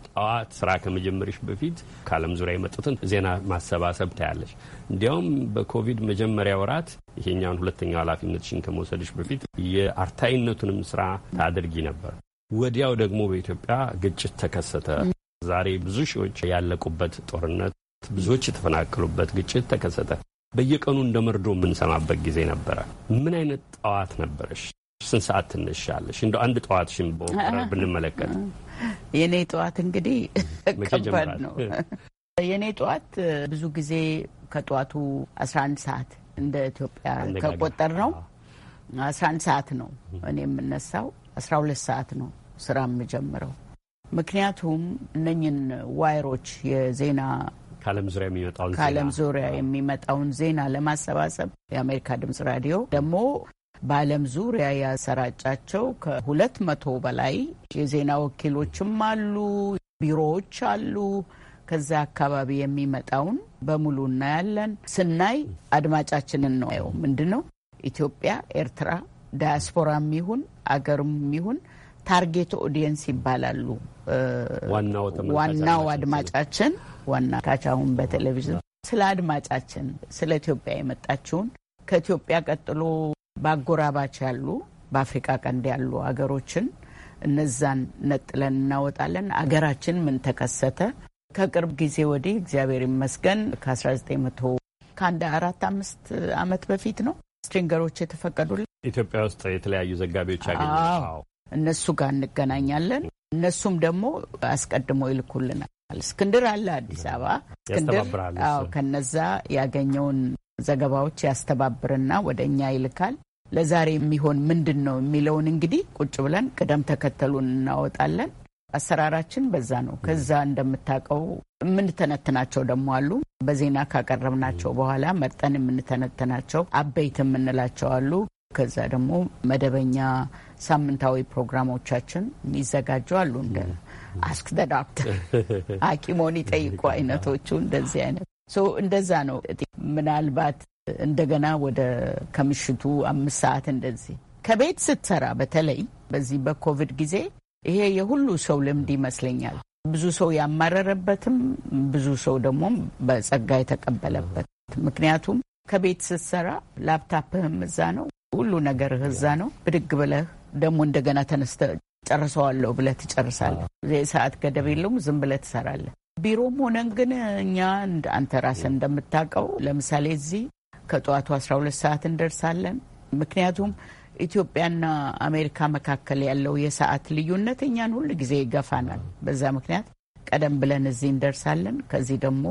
ጠዋት ስራ ከመጀመርሽ በፊት ከዓለም ዙሪያ የመጡትን ዜና ማሰባሰብ ታያለሽ። እንዲያውም በኮቪድ መጀመሪያ ወራት ይሄኛውን ሁለተኛው ኃላፊነትሽን ከመውሰድሽ በፊት የአርታይነቱንም ስራ ታደርጊ ነበር። ወዲያው ደግሞ በኢትዮጵያ ግጭት ተከሰተ። ዛሬ ብዙ ሺዎች ያለቁበት ጦርነት ብዙዎች የተፈናቀሉበት ግጭት ተከሰተ። በየቀኑ እንደ መርዶ የምንሰማበት ጊዜ ነበረ። ምን አይነት ጠዋት ነበረሽ? ስንት ሰዓት ትነሻለሽ? እንደ አንድ ጠዋት ሽንቦ ብንመለከት። የእኔ ጠዋት እንግዲህ ከባድ ነው። የእኔ ጠዋት ብዙ ጊዜ ከጠዋቱ 11 ሰዓት እንደ ኢትዮጵያ ከቆጠር ነው 11 ሰዓት ነው እኔ የምነሳው። 12 ሰዓት ነው ስራ የምጀምረው። ምክንያቱም እነኝን ዋይሮች የዜና ከዓለም ዙሪያ የሚመጣውን ከዓለም ዙሪያ የሚመጣውን ዜና ለማሰባሰብ የአሜሪካ ድምጽ ራዲዮ ደግሞ በዓለም ዙሪያ ያሰራጫቸው ከሁለት መቶ በላይ የዜና ወኪሎችም አሉ፣ ቢሮዎች አሉ። ከዛ አካባቢ የሚመጣውን በሙሉ እናያለን። ስናይ አድማጫችንን ነው ው ምንድ ነው ኢትዮጵያ፣ ኤርትራ፣ ዳያስፖራም ይሁን አገርም ይሁን ታርጌት ኦዲየንስ ይባላሉ። ዋናው አድማጫችን ዋና ካቻሁን በቴሌቪዥን ስለ አድማጫችን ስለ ኢትዮጵያ የመጣችውን ከኢትዮጵያ ቀጥሎ በአጎራባች ያሉ በአፍሪካ ቀንድ ያሉ አገሮችን እነዛን ነጥለን እናወጣለን። አገራችን ምን ተከሰተ? ከቅርብ ጊዜ ወዲህ እግዚአብሔር ይመስገን ከ1900 ከአንድ አራት አምስት አመት በፊት ነው ስትሪንገሮች የተፈቀዱልን ኢትዮጵያ ውስጥ የተለያዩ ዘጋቢዎች ያገኙ እነሱ ጋር እንገናኛለን። እነሱም ደግሞ አስቀድሞ ይልኩልናል። እስክንድር አለ አዲስ አበባ እስክንድር ከነዛ ያገኘውን ዘገባዎች ያስተባብርና ወደ እኛ ይልካል። ለዛሬ የሚሆን ምንድን ነው የሚለውን እንግዲህ ቁጭ ብለን ቅደም ተከተሉን እናወጣለን። አሰራራችን በዛ ነው። ከዛ እንደምታውቀው የምንተነትናቸው ደግሞ አሉ። በዜና ካቀረብናቸው በኋላ መርጠን የምንተነትናቸው አበይት የምንላቸው አሉ። ከዛ ደግሞ መደበኛ ሳምንታዊ ፕሮግራሞቻችን የሚዘጋጁ አሉ እንደ አስክ ዘ ዶክተር ሐኪሞን ይጠይቁ አይነቶቹ እንደዚህ አይነት እንደዛ ነው። ምናልባት እንደገና ወደ ከምሽቱ አምስት ሰዓት እንደዚህ ከቤት ስትሰራ በተለይ በዚህ በኮቪድ ጊዜ ይሄ የሁሉ ሰው ልምድ ይመስለኛል። ብዙ ሰው ያማረረበትም ብዙ ሰው ደግሞ በጸጋ የተቀበለበት ምክንያቱም ከቤት ስትሰራ ላፕታፕህም እዛ ነው፣ ሁሉ ነገር እዛ ነው። ብድግ ብለህ ደግሞ እንደገና ተነስተ ጨርሰዋለሁ ብለህ ትጨርሳለህ። የሰዓት ገደብ የለውም። ዝም ብለህ ትሰራለህ። ቢሮም ሆነን ግን እኛ አንተ ራስህ እንደምታውቀው ለምሳሌ እዚህ ከጠዋቱ 12 ሰዓት እንደርሳለን። ምክንያቱም ኢትዮጵያና አሜሪካ መካከል ያለው የሰዓት ልዩነት እኛን ሁል ጊዜ ይገፋናል። በዛ ምክንያት ቀደም ብለን እዚህ እንደርሳለን። ከዚህ ደግሞ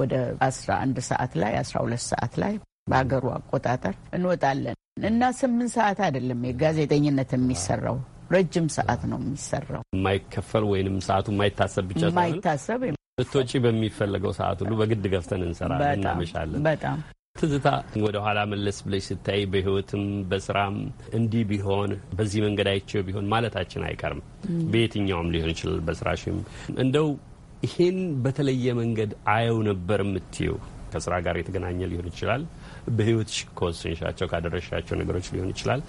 ወደ 11 ሰዓት ላይ 12 ሰዓት ላይ በሀገሩ አቆጣጠር እንወጣለን እና ስምንት ሰዓት አይደለም የጋዜጠኝነት የሚሰራው ረጅም ሰዓት ነው የሚሰራው። የማይከፈል ወይንም ሰዓቱ የማይታሰብ ብቻ የማይታሰብ ልትወጪ በሚፈለገው ሰዓት ሁሉ በግድ ገፍተን እንሰራለን፣ እናመሻለን። በጣም ትዝታ፣ ወደ ኋላ መለስ ብለሽ ስታይ በህይወትም በስራም እንዲህ ቢሆን በዚህ መንገድ አይቼው ቢሆን ማለታችን አይቀርም። በየትኛውም ሊሆን ይችላል። በስራሽም እንደው ይሄን በተለየ መንገድ አየው ነበር የምትይው ከስራ ጋር የተገናኘ ሊሆን ይችላል በህይወትሽ እኮ ካደረሻቸው ነገሮች ሊሆን ይችላል።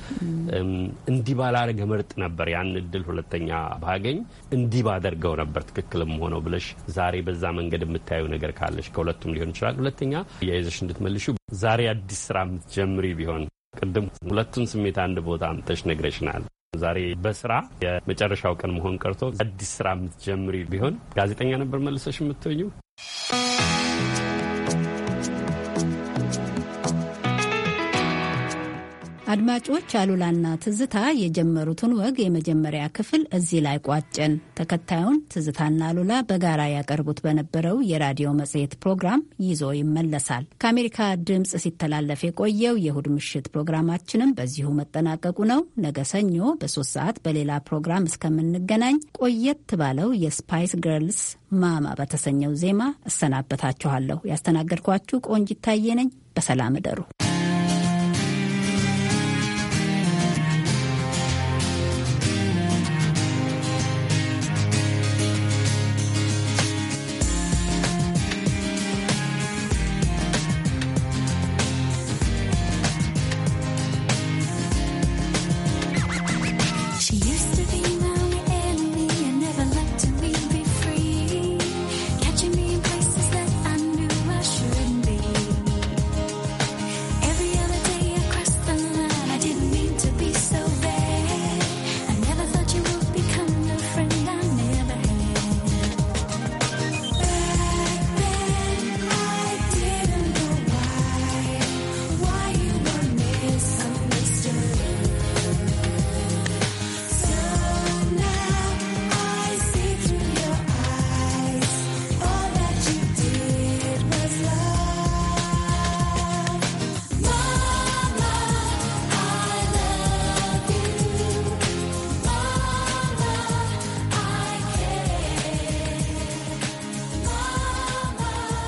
እንዲህ ባላረገ መርጥ ነበር ያን እድል ሁለተኛ ባገኝ እንዲህ ባደርገው ነበር ትክክልም ሆነው ብለሽ ዛሬ በዛ መንገድ የምታየው ነገር ካለሽ ከሁለቱም ሊሆን ይችላል። ሁለተኛ የይዘሽ እንድትመልሹ ዛሬ አዲስ ስራ የምትጀምሪ ቢሆን ቅድም ሁለቱን ስሜት አንድ ቦታ አምጥተሽ ነግረሽናል። ዛሬ በስራ የመጨረሻው ቀን መሆን ቀርቶ አዲስ ስራ የምትጀምሪ ቢሆን ጋዜጠኛ ነበር መልሰሽ የምትሆኙ። አድማጮች፣ አሉላና ትዝታ የጀመሩትን ወግ የመጀመሪያ ክፍል እዚህ ላይ ቋጨን። ተከታዩን ትዝታና አሉላ በጋራ ያቀርቡት በነበረው የራዲዮ መጽሔት ፕሮግራም ይዞ ይመለሳል። ከአሜሪካ ድምፅ ሲተላለፍ የቆየው የእሁድ ምሽት ፕሮግራማችንም በዚሁ መጠናቀቁ ነው። ነገ ሰኞ በሶስት ሰዓት በሌላ ፕሮግራም እስከምንገናኝ ቆየት ባለው የስፓይስ ገርልስ ማማ በተሰኘው ዜማ እሰናበታችኋለሁ። ያስተናገድኳችሁ ቆንጅ ታዬ ነኝ። በሰላም እደሩ።